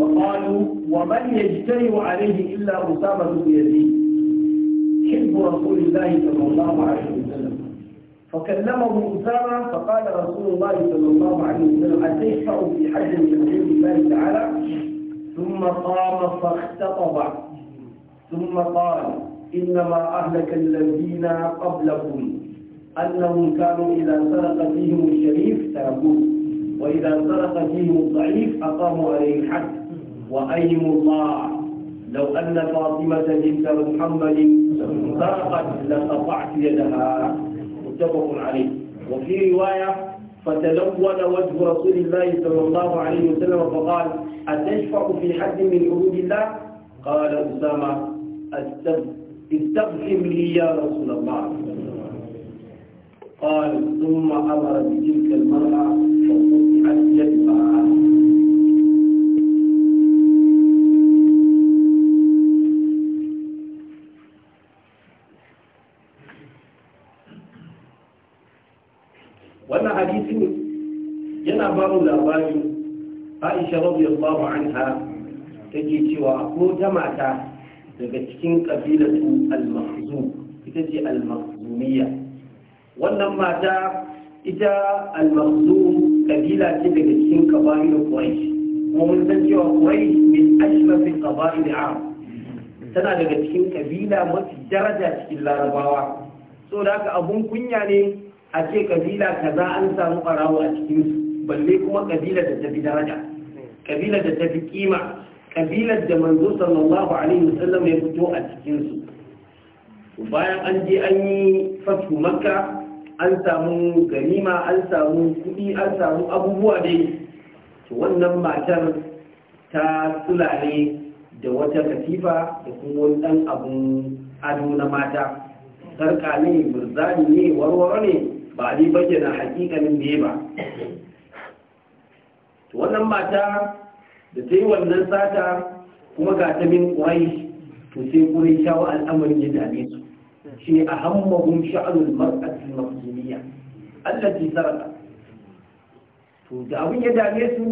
فقالوا ومن يجترئ عليه إلا أسامة بن يزيد حب رسول الله صلى الله عليه وسلم فكلمه أسامة فقال رسول الله صلى الله عليه وسلم أتشفع في حج من عند الله تعالى ثم قام فاختطب ثم قال إنما أهلك الذين قبلكم أنهم كانوا إذا سرق فيهم الشريف تركوه وإذا سرق فيهم الضعيف أقاموا عليه الحد وأيم الله لو أن فاطمة بنت محمد سرقت لقطعت يدها متفق عليه وفي رواية فتلون وجه رسول الله صلى الله عليه وسلم فقال أتشفع في حد من حدود الله قال أسامة استغفر لي يا رسول الله قال ثم أمر بتلك المرأة hadisin yana ba mu labari aisha radiyallahu anha take cewa ko ta mata daga cikin kabilatu al-makhzum ita ce al-makhzumiyya wannan mata ita al-makhzum kabila ce daga cikin kabilu quraish kuma mun san cewa quraish min ashrafi qabail arab tana daga cikin kabila mafi daraja cikin larabawa so da haka abun kunya ne a ce kabila kaza an samu barawo a cikinsu balle kuma kabilar da ta fi daraja kabilar da ta fi kima kabilar da manzo sallallahu alaihi wasallam ya fito a cikinsu bayan an je an yi fatu makka an samu ganima an samu kuɗi an samu abubuwa ne. To wannan matar ta sulale da wata katifa da kuma wani ɗan abun ado na mata sarka ne murzani ne warware ne ba ni ba na hakikanin biye ba wannan mata da ta yi wannan sata kuma ga ta min ƙwai to sai ƙurai shawo al'amarin ya dame su shi ne a hammahun sha'arul masu mafzuniya Allah ji sarata to da abin ya dame su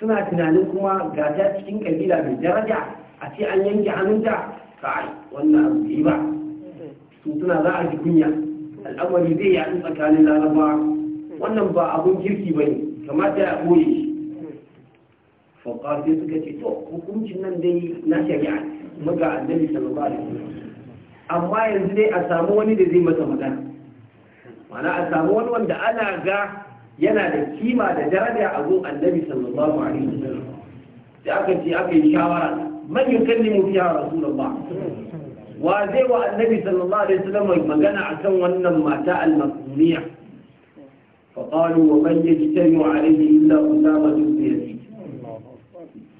suna tunanin kuma ga ta cikin kabila mai daraja a ce an yanke hannunta kai wannan abu ba su suna za a ji kunya al'amari zai yaɗu tsakanin laraba wannan ba abun kirki ba ne kamata ya ɓoye shi fauka sai suka ce to hukuncin nan dai na shari'a maga annabi sallallahu alaihi wasallam amma yanzu dai a samu wani da zai masa magana mana a samu wani wanda ana ga yana da kima da daraja a zo annabi sallallahu alaihi wasallam da aka ce aka yi shawara man yukallimu fiha rasulullah wa zai wa annabi sallallahu alaihi wasallam magana akan wannan mata al-masuniya fa qalu wa man yajtami alaihi illa usama bin yazid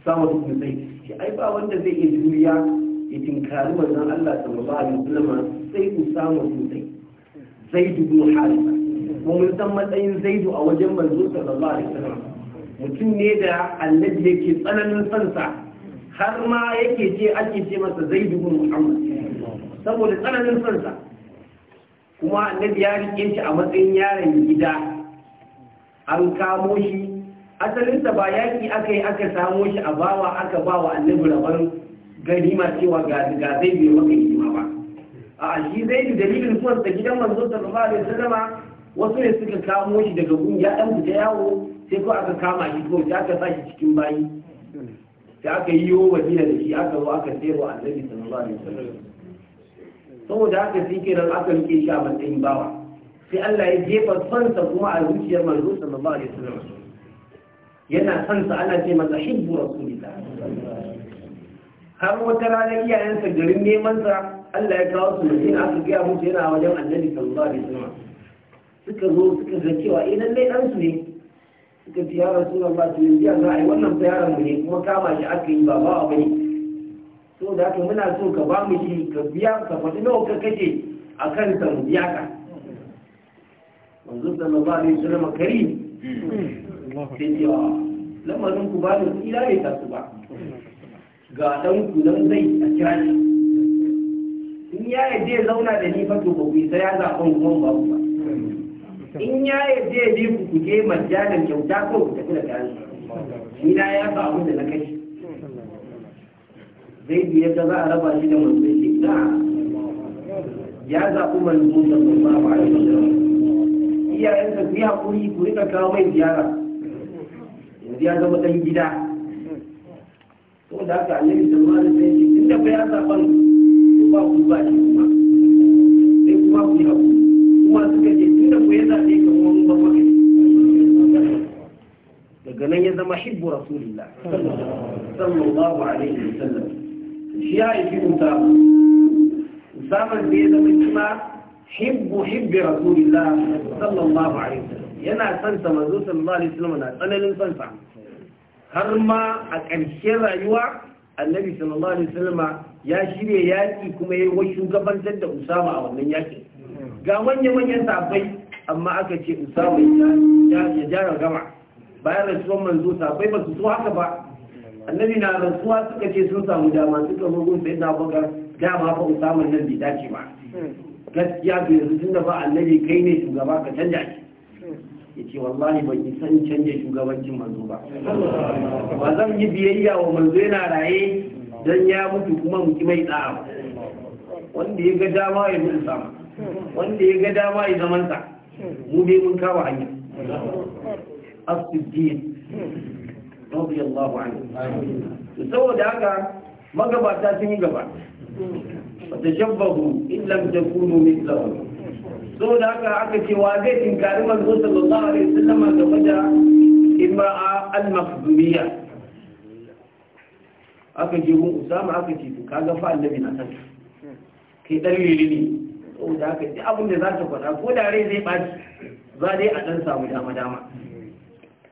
sama bin zaid shi ai ba wanda zai iya juriya ya tinkari manzon Allah sallallahu alaihi wasallam sai usama bin zaid zaid bin harisa ko mun san matsayin zaidu a wajen manzo sallallahu alaihi wasallam mutum ne da annabi yake tsananin sansa har ma yake ce ake ce masa zaidu bin muhammad saboda tsananin sansa kuma annabi ya rike shi a matsayin yaron gida an kamo shi asalinsa ba yaƙi aka yi aka samo shi a bawa aka bawa annabi gari ma cewa ga zai bai maka hidima ba a shi zai da dalilin da gidan manzo sallallahu alaihi wasallama wasu ne suka kamo shi daga gun ya dan fita yawo sai ko aka kama shi ko sai aka sashi cikin bayi sai aka yi yo wazira da shi aka zo aka sayarwa annabi sallallahu alaihi wasallam saboda haka sai kenan aka rike sha a matsayin bawa sai Allah ya jefa sansa kuma a zuciyar manzo sallallahu alaihi wasallam yana sansa ana ce masa hibbu rasulillah har wata rana iyayensa garin neman sa Allah ya kawo su mutum aka gaya musu yana wajen annabi sallallahu alaihi wasallam suka zo suka ga cewa eh lallai dan su ne suka ce ya rasulullah to yanzu za a yi wannan bayaran mu ne kuma kama shi aka yi ba ba bane so da haka muna so ka ba mu shi ka biya ka faɗi nawa ka kake a kan sa mu biya ka manzo sallallahu alaihi ne. karim sai ce wa lamarin ku ba da ila ne ta su ba ga dan ku dan zai a kira in ya yaje zauna da ni fato ba ku yi sai ya zaɓan kuma ba ku ba in ya yaje bi ku kuje majjalan kyauta ko ku tafi da kayan ni na ya samu da na kashi zai biya ta za a raba shi da manzon shi na ya zaɓi manzon da sun ba da iyayensa ku yi kuri ku rika kawo mai ziyara yanzu ya zama ɗan gida da aka annabi da alaihi shi tun tunda fa ya zaɓan ba ku ba shi kuma sai kuma ku yi haƙuri kuma suka ce da ku ya zaɓe ka kuma ba maka daga nan ya zama hibbu rasulillah sallallahu alaihi wasallam shi ya haifi usama usama da ya zama cima hibbu hibbi rasulillah sallallahu alaihi wasallam yana son manzo sallallahu alaihi wasallam na tsananin sonsa. har ma a ƙarshen rayuwa annabi sallallahu alaihi wasallam ya shirya yaki kuma ya yi shugabantar da usama a wannan yaki ga manya manyan sabai amma aka ce usama ya ya jara gama bayan rasuwan manzo sabai ba su so haka ba annabi na rasuwa suka ce sun samu dama suka mugun sai na bugar dama fa usaman nan bai dace ba gaskiya su yanzu tun da ba annabi kai ne shugaba ka canja shi ya ce wallahi ban yi san canja shugabancin manzo ba ba zan yi biyayya wa manzo yana raye don ya mutu kuma mu ki mai da'a ba wanda ya ga dama ya mutu sama wanda ya ga dama ya zamanta mu bai mun kawo hanya as-siddiq radiyallahu saboda haka magabata sun yi gaba fatashabbahu in lam takunu mithlahu saboda haka aka ce wa zai tinkari manzo sallallahu alaihi wasallam game da imra'a al aka je mun usama aka ce ka kaga annabi na san kai dan lili saboda haka duk abin da za ta faɗa ko da rai zai baci za dai a dan samu dama dama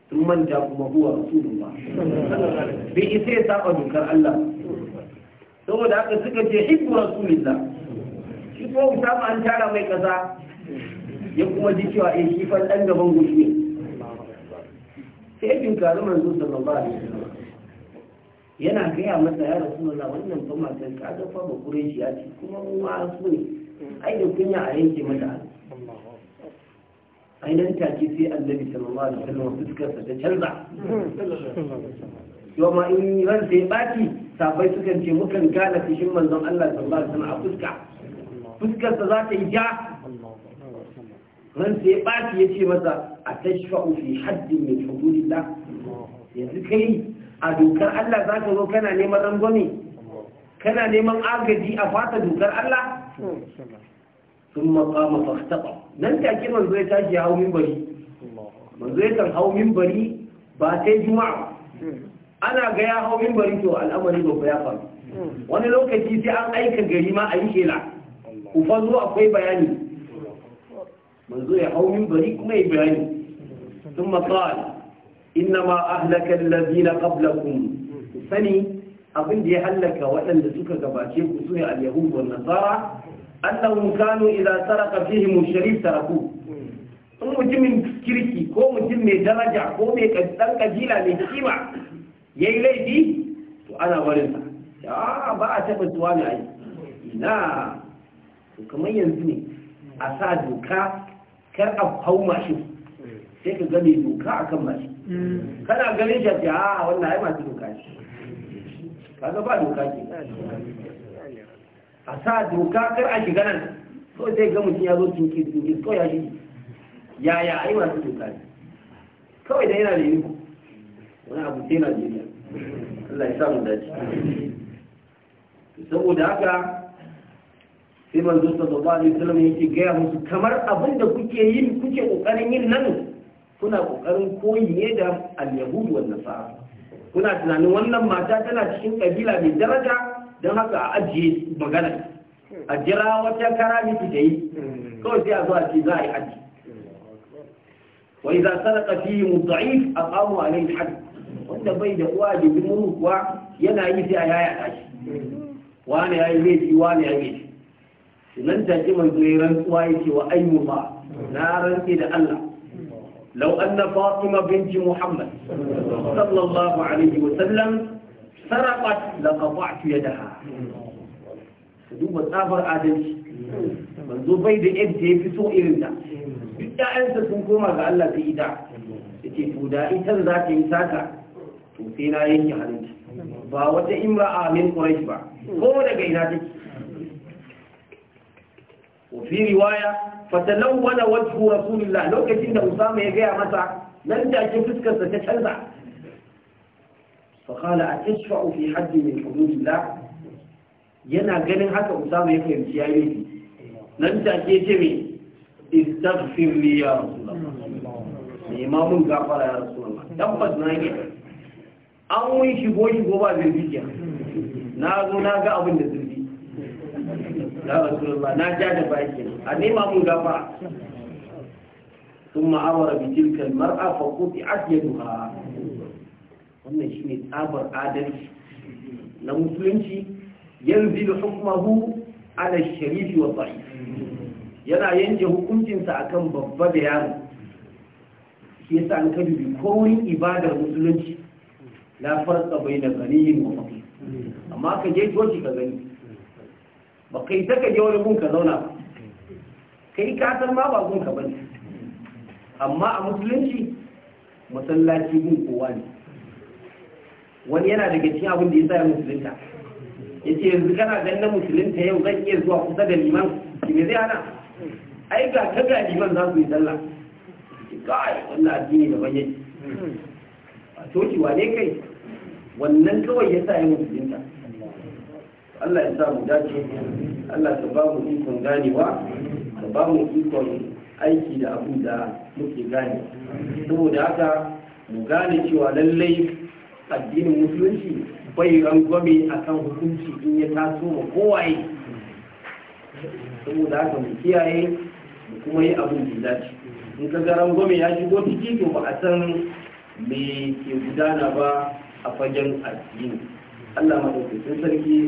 sun manta kuma huwa rasulullah bai isa ya saba dokar Allah saboda haka suka ce hibbu rasulullah shi ko Usama an tara mai kasa ya kuma ji cewa eh shi fa dan gaban gushi ne sai bin karu manzo sallallahu alaihi wasallam yana gaya masa ya rasulullah wannan fa matan ka ga fa ba kureshi a ce kuma mu ma su ne ai da kunya a yanke mata a nan take sai annabi sallallahu alaihi wasallam fuskarsa ta canza yau ma in ran sai baki sabai sukan ce mukan gane fishin manzon Allah sallallahu alaihi wasallam a fuska fuskarsa za ta yi ja ran sai baki ya ce masa a tashfa'u fi haddin min hududillah yanzu kai a dokar Allah za ka zo kana neman rangwame kana neman agaji a fata dokar Allah sun maƙama fastaɓa nan take manzo ya tashi ya hau minbari manzo ya kan hau minbari ba sai juma'a ana ga ya hau minbari to al'amari ba ya faru wani lokaci sai an aika gari ma a yi shela ku fa zo akwai bayani manzo ya hau minbari kuma ya bayani ثم inna ma ahlaka الذين qablakum sani abin da ya hallaka waɗanda suka gabace ku su ne al-yahud wa nasara annahum kanu idza saraka fihim sharif taraku in mutumin kirki ko mutum mai daraja ko mai kaddan kabila mai kima yayi laifi to ana barin sa ba a taba tuwa ne ai ina kamar yanzu ne a sa doka kar a hau mashin sai ka ga mai doka akan mashin kana ganin shi a wannan ai masu doka Ka kaga ba doka ke a sa doka kar a shiga nan so sai ga mutum ya zo tunki tunki ko ya shi yaya ai masu doka ne kawai dai yana da yi wani abu sai na jeriya Allah ya sa mu dace saboda haka sai manzo sallallahu alaihi wasallam yake gaya musu kamar abin da kuke yin kuke kokarin yin nan kuna kokarin koyi ne da al-yahud wal nasara kuna tunanin wannan mata tana cikin kabila mai daraja don haka a ajiye magana a jira wata karamiti da yi kawai sai a zuwa ce za a yi haji wa iza sadaka fi mudha'if aqamu alayhi hadd wanda bai da uwa da jimuru kuwa yana yi sai a yaya tashi wani yi laifi wani yi laifi nan take manzo ya rantsuwa yake wa ba. na rantsi da Allah Lau an anna fatima binti muhammad sallallahu alaihi wa sallam sarqat la qata'tu yadaha ka duba tsabar adalci manzo bai da yadda ya fito irin da duk ƴaƴansa sun koma ga Allah ta ida yace to da ita za ta yi saka to sai na yanke halinta ba wata imra'a min quraish ba ko daga ina take wa fi riwaya fatalawwala wajhu rasulillah lokacin da Usama ya gaya masa nan da ke fuskar sa ta canza فقال أتشفع في حد من حدود الله yana ganin haka usama ya fahimci ya yi nan ta ke ce mai istaghfir li ya rasulullah ne ma mun gafara ya rasulullah tabbas na yi an wun shigo shigo ba zurfi ke na zo na ga abin da zurfi ya ba na ja da baki a nema mun gafara Sun bikin ثم أمر بتلك المرأة فقطعت duka. wannan shi ne tsabar adalci na musulunci da hukumahu ala sharifi wa dha'if yana yanke hukuncinsa akan babba da yaro shi yasa an ka dubi kowai ibadar musulunci Na la farqa baina ghaniyin wa mafi amma ka je coci ka gani ba kai ta ka je wani gunka zauna ba kai ka san ma ba gunka ba ne. amma a musulunci masallaci gun kowa ne wani yana daga cikin abin da ya tsaye musulunta ya ce yanzu kana ganin musulunta yau zan iya zuwa kusa da liman me zai hana ai ga ta ga liman za su yi sallah kai wannan addini da bayan a coci wane kai wannan kawai ya tsaye musulunta Allah ya sa mu dace Allah ta ba mu ikon ganewa ta ba mu ikon aiki da abu da muke gane saboda haka mu gane cewa lallai addinin musulunci bai rangwame a kan hukunci in ya taso ma kowaye saboda haka mu kiyaye mu kuma yi abin da dace in ka ga rangwame ya shigo ciki to ba a san me ke gudana ba a fagen addini Allah ma madaukakin sarki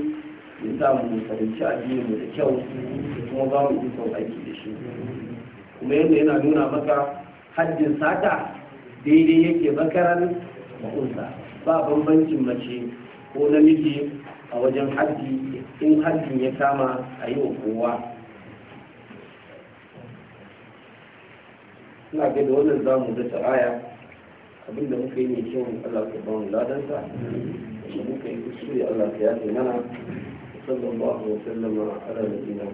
ya sa mu fahimci addinin mu da kyau kuma ba mu ikon aiki da shi kuma yadda yana nuna maka haddin sata daidai yake bakaran ma'unsa ba bambancin mace ko namiji a wajen haddi in haddin ya kama a yi wa kowa suna ga da wannan za mu zata aya abinda muka yi mai kyau Allah ka ba mu ladansa da muka yi kusuri Allah ka yafe mana sallallahu alaihi wa sallama ala nabiyina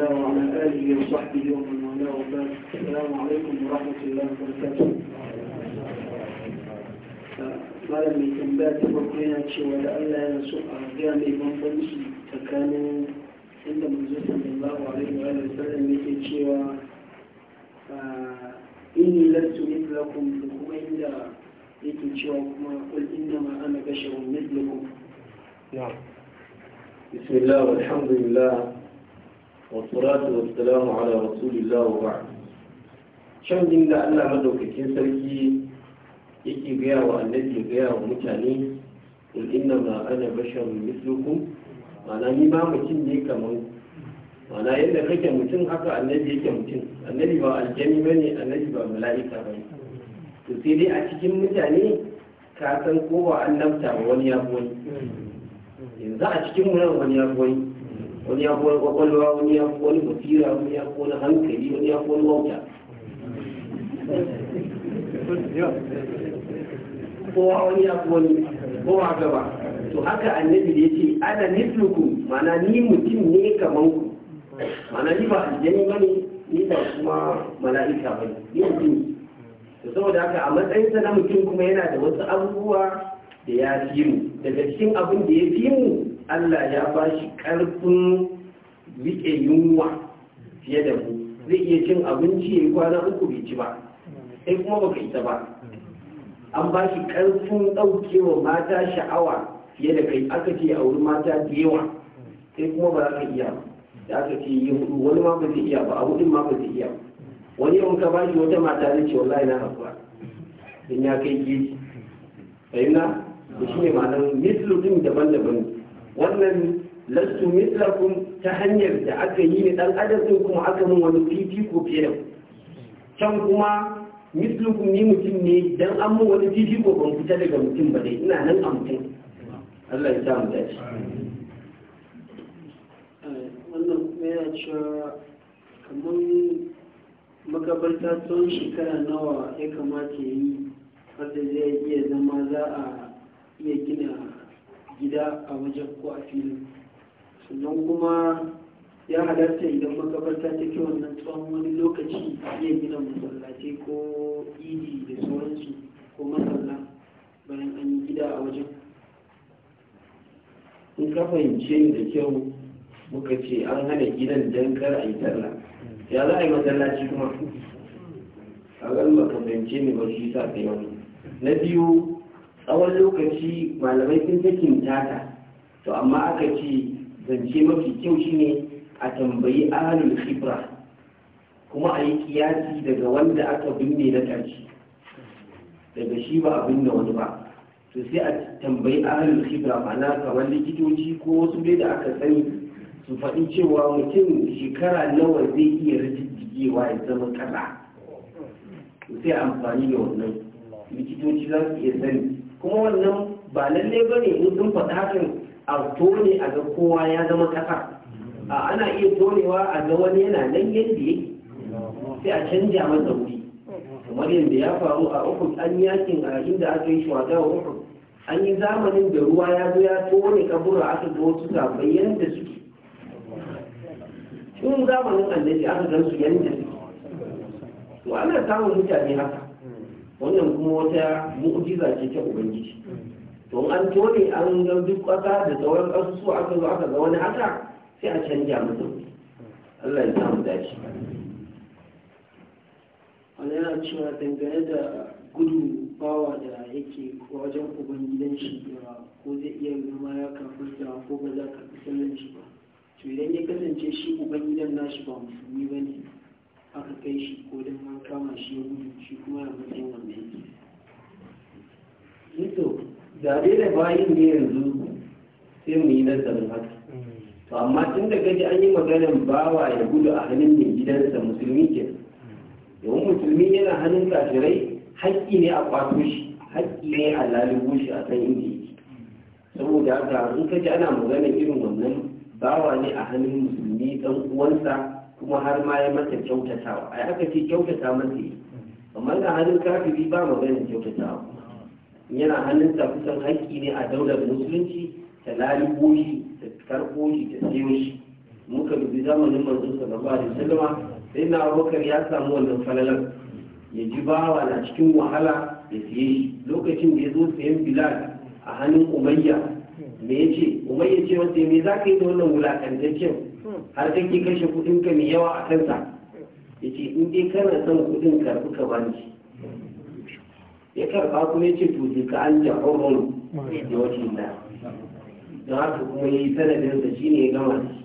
الله وعلى آله وصحبه ومن والاه وبارك السلام عليكم ورحمة الله وبركاته قال من بات بركينا تشوى لألا ينسوء أرضيان إبن فلسي فكان عندما مجلس من الله عليه وآله وسلم مثل تشوى إني لست مثلكم لكم إلا يتم تشوى كما قل إنما أنا بشر مثلكم نعم بسم الله والحمد لله Wasu والسلام ala رسول الله ba. shan din da Allah madaukakin sarki yake gaya wa annabi ya gaya wa mutane in inna ma ana basharun mislukum ma'ana ni ma mutum ne kamar ma'ana yadda kake mutum haka annabi yake mutum annabi ba aljani ne, annabi ba mala'ika ba ne. to sai dai a cikin mutane ka san kowa annabta wani ya wani yanzu a cikin mu wani ya wani wani ya fi wani kwakwalwa wani ya fi wani basira wani ya fi wani hankali wani ya fi wani wauta kowa wani ya fi wani kowa gaba to haka annabi da ya ce ana nisluku mana ni mutum ne kaman ku mana ni ba aljani ba ne ni ba kuma mala'ika ba ne ni mutum to saboda haka a matsayinsa na mutum kuma yana da wasu abubuwa da ya fi mu daga cikin abin da ya fi mu Allah ya ba shi ƙarfin riƙe yunwa fiye da mu zai iya cin abinci ya yi kwana uku bai ci ba sai kuma ka ita ba an ba shi ƙarfin ɗaukewa mata sha'awa fiye da kai aka ce a wurin mata da yawa sai kuma ba za ka iya ba da aka ce yi hudu wani ma ba zai iya ba a hudun ma ba zai iya wani yawan ka ba shi wata mata zai ce wallahi na haƙura in ya kai geji fahimna da shi ne ma'anar mislu din daban-daban wannan lastu mislakum ta hanyar da aka yi ni dan adam din kuma aka mun wani fifiko fiye da can kuma kun ni mutum ne dan an mun wani fifiko ban fita daga mutum ba dai ina nan a mutum Allah ya sa mu dace wannan kuma yana cewa kamar makabarta tsawon shekara nawa ya kamata yi har da zai iya zama za a iya gina gida a wajen ko a filin sannan kuma ya halatta idan makabarta ta ke wannan tsawon wani lokaci iya gina masallaci ko idi da sauransu ko masalla bayan an yi gida a wajen in ka fahimce ni da kyau muka ce an hana gidan don kar a yi talla ya za a yi masallaci kuma a ga baka fahimce ne ba shi sa kai wani na biyu tsawon lokaci malamai sun ta kintata to amma aka ce zance mafi kyau shine a tambayi ahalul khibra kuma a yi kiyasi daga wanda aka binne na ƙarshe daga shi ba a binne wani ba to sai a tambayi ahalul khibra ma'ana kamar likitoci ko wasu dai da aka sani su faɗi cewa mutum shekara nawa zai iya rijijjigewa ya zama kaza sai amfani da wannan likitoci za su iya sani kuma wannan ba lalle ba ne in sun hakan a tone a ga kowa ya zama kasa a ana iya tonewa a ga wani yana nan yadda yake sai a canja masa wuri kamar yadda ya faru a uku an yakin a inda aka yi shuwa a uku an yi zamanin da ruwa ya zo ya tone kabura aka ga wasu sabai yadda suke tun zamanin annabi aka gan su yadda suke to ana samun mutane haka wannan kuma wata mu'jiza ce ta ubangiji to an tone an ga duk ƙasa da sauran ƙasusu aka zo aka ga wani haka sai a canja musu Allah ya samu dace wani yana cewa dangane da gudu bawa da yake wajen ubangidan shi ko zai iya zama ya kafirta ko ba za ka fi sallan shi ba to idan ya kasance shi ubangidan nashi ba musulmi ba ne aka kai shi ko don ma kama shi ya gudu shi kuma ya matsayin wanda yake eh ito zaɓe da bayan ne yanzu sai mu yi nazarin haka to amma tun da gaji an yi maganar bawa ya gudu a hannun mai gidansa musulmi ke domin musulmi yana hannun kafirai haƙƙi ne a kwato shi haƙƙi ne a lalubo shi a kan inda yake saboda haka in ka ji ana maganar irin wannan bawa ne a hannun musulmi ɗan uwansa kuma har ma ya mata kyautatawa ai aka ce kyautata mata yi amma da hannun kafiri ba ma maganin kyautatawa yana hannun ta kusan haƙƙi ne a daular musulunci ta lalibo ta karɓo ta siyoshi shi muka dubi zamanin manzo sallallahu alaihi wasallama sai na abubakar ya samu wannan falalar ya ji bawa na cikin wahala ya siye shi lokacin da ya zo sayan bilal a hannun umayya me ya ce umayya ce wanda me za ka yi da wannan wulaƙantaccen har kake kashe kudin ka mai yawa a kansa ya ce in dai kana son kudin karfi ka bani ya karba kuma ce to je ka an ja hurrun da wajen da don haka kuma ya yi sanadin da shi ne ya gama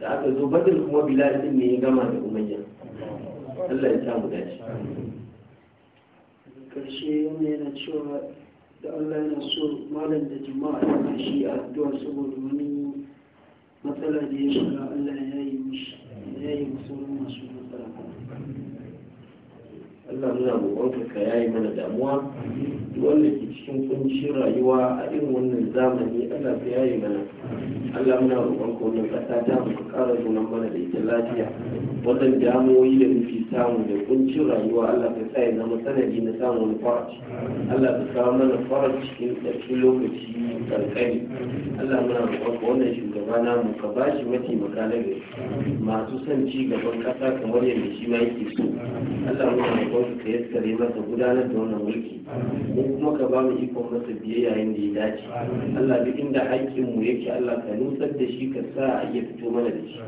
da aka zo badin kuma bilal din ne ya gama da umayya Allah ya samu dace karshe wani yana cewa da Allah yana so malam da jama'a da shi duwar saboda wani مثلا دي مش لا هي مش هي مصور مشهور Allah muna roƙonka ka yayi mana damuwa duk wanda ke cikin kuncin rayuwa a irin wannan zamani Allah ka yayi mana Allah muna roƙonka wannan ƙasa ta mu ƙara sunan mana da ita lafiya wannan damuwoyi da muke samu da kuncin rayuwa Allah ka sa ya zama sanadi na samu wani faraci Allah ka kawo mana faraci cikin ƙarshen lokaci ƙarƙari Allah muna roƙonka wannan shugaba mu ka ba shi mataimaka na gari masu son ci gaban ƙasa kamar yadda shi ma yake so Allah muna roƙonka mulki ka yaskare masa gudanar da wannan mulki mu kuma ka ba mu ikon masa biyayya yayin da ya dace Allah duk inda haƙƙin mu yake Allah ka nutsar da shi ka sa a iya fito mana da shi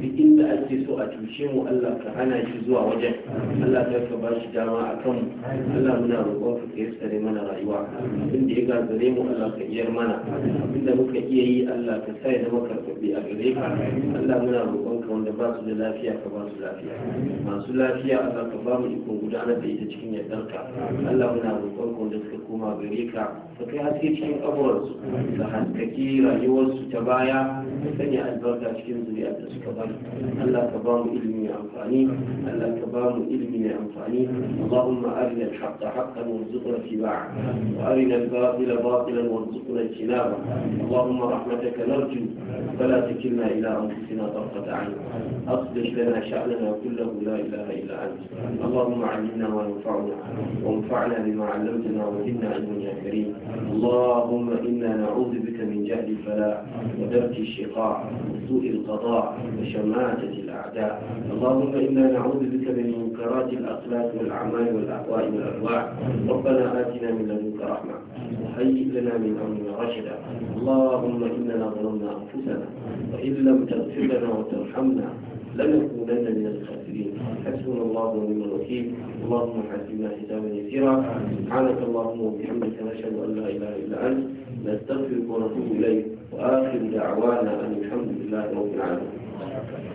duk inda ake so a tushe mu Allah ka hana shi zuwa wajen Allah ta ka ba shi dama a kan mu Allah muna roƙon ka ka yaskare mana rayuwa abin da ya gagare mu Allah ka iyar mana abin da muka iya yi Allah ka sa ya zama karɓaɓɓe a gare ka Allah muna roƙon ka wanda ba su da lafiya ka ba su lafiya masu lafiya Allah ka ba mu ikon gudanar gudanar da ita cikin yardarka Allah muna roƙon da suka koma gare ka ka kai haske cikin kaburansu ka haskake rayuwarsu ta baya ka sanya albarka cikin zuriya da suka bari Allah ka ba mu ilimi mai amfani Allah ka ba mu ilimi mai amfani Allahumma arina al-haqqa haqqan warzuqna ittiba'a wa arina al-batila batilan warzuqna ijtinaba Allahumma rahmataka narju فلا تكلنا إلى أنفسنا طرفة عين أصلح لنا شأننا كله لا إله إلا أنت اللهم علمنا علمنا وانفعنا وانفعنا بما علمتنا وزدنا علما يا كريم اللهم إنا نعوذ بك من جهل الفلاح ودرك الشقاء وسوء القضاء وشماتة الأعداء اللهم إنا نعوذ بك من منكرات الأخلاق والأعمال والأهواء والأرواح ربنا آتنا من لدنك رحمة وهيئ لنا من أمرنا رشدا اللهم إننا ظلمنا أنفسنا وإن لم تغفر لنا وترحمنا لنكونن من الخاسرين حسبنا الله ونعم الوكيل اللهم حسبنا حسابا يسيرا سبحانك اللهم وبحمدك نشهد ان لا اله الا انت نستغفرك ونتوب اليك واخر دعوانا ان الحمد لله رب العالمين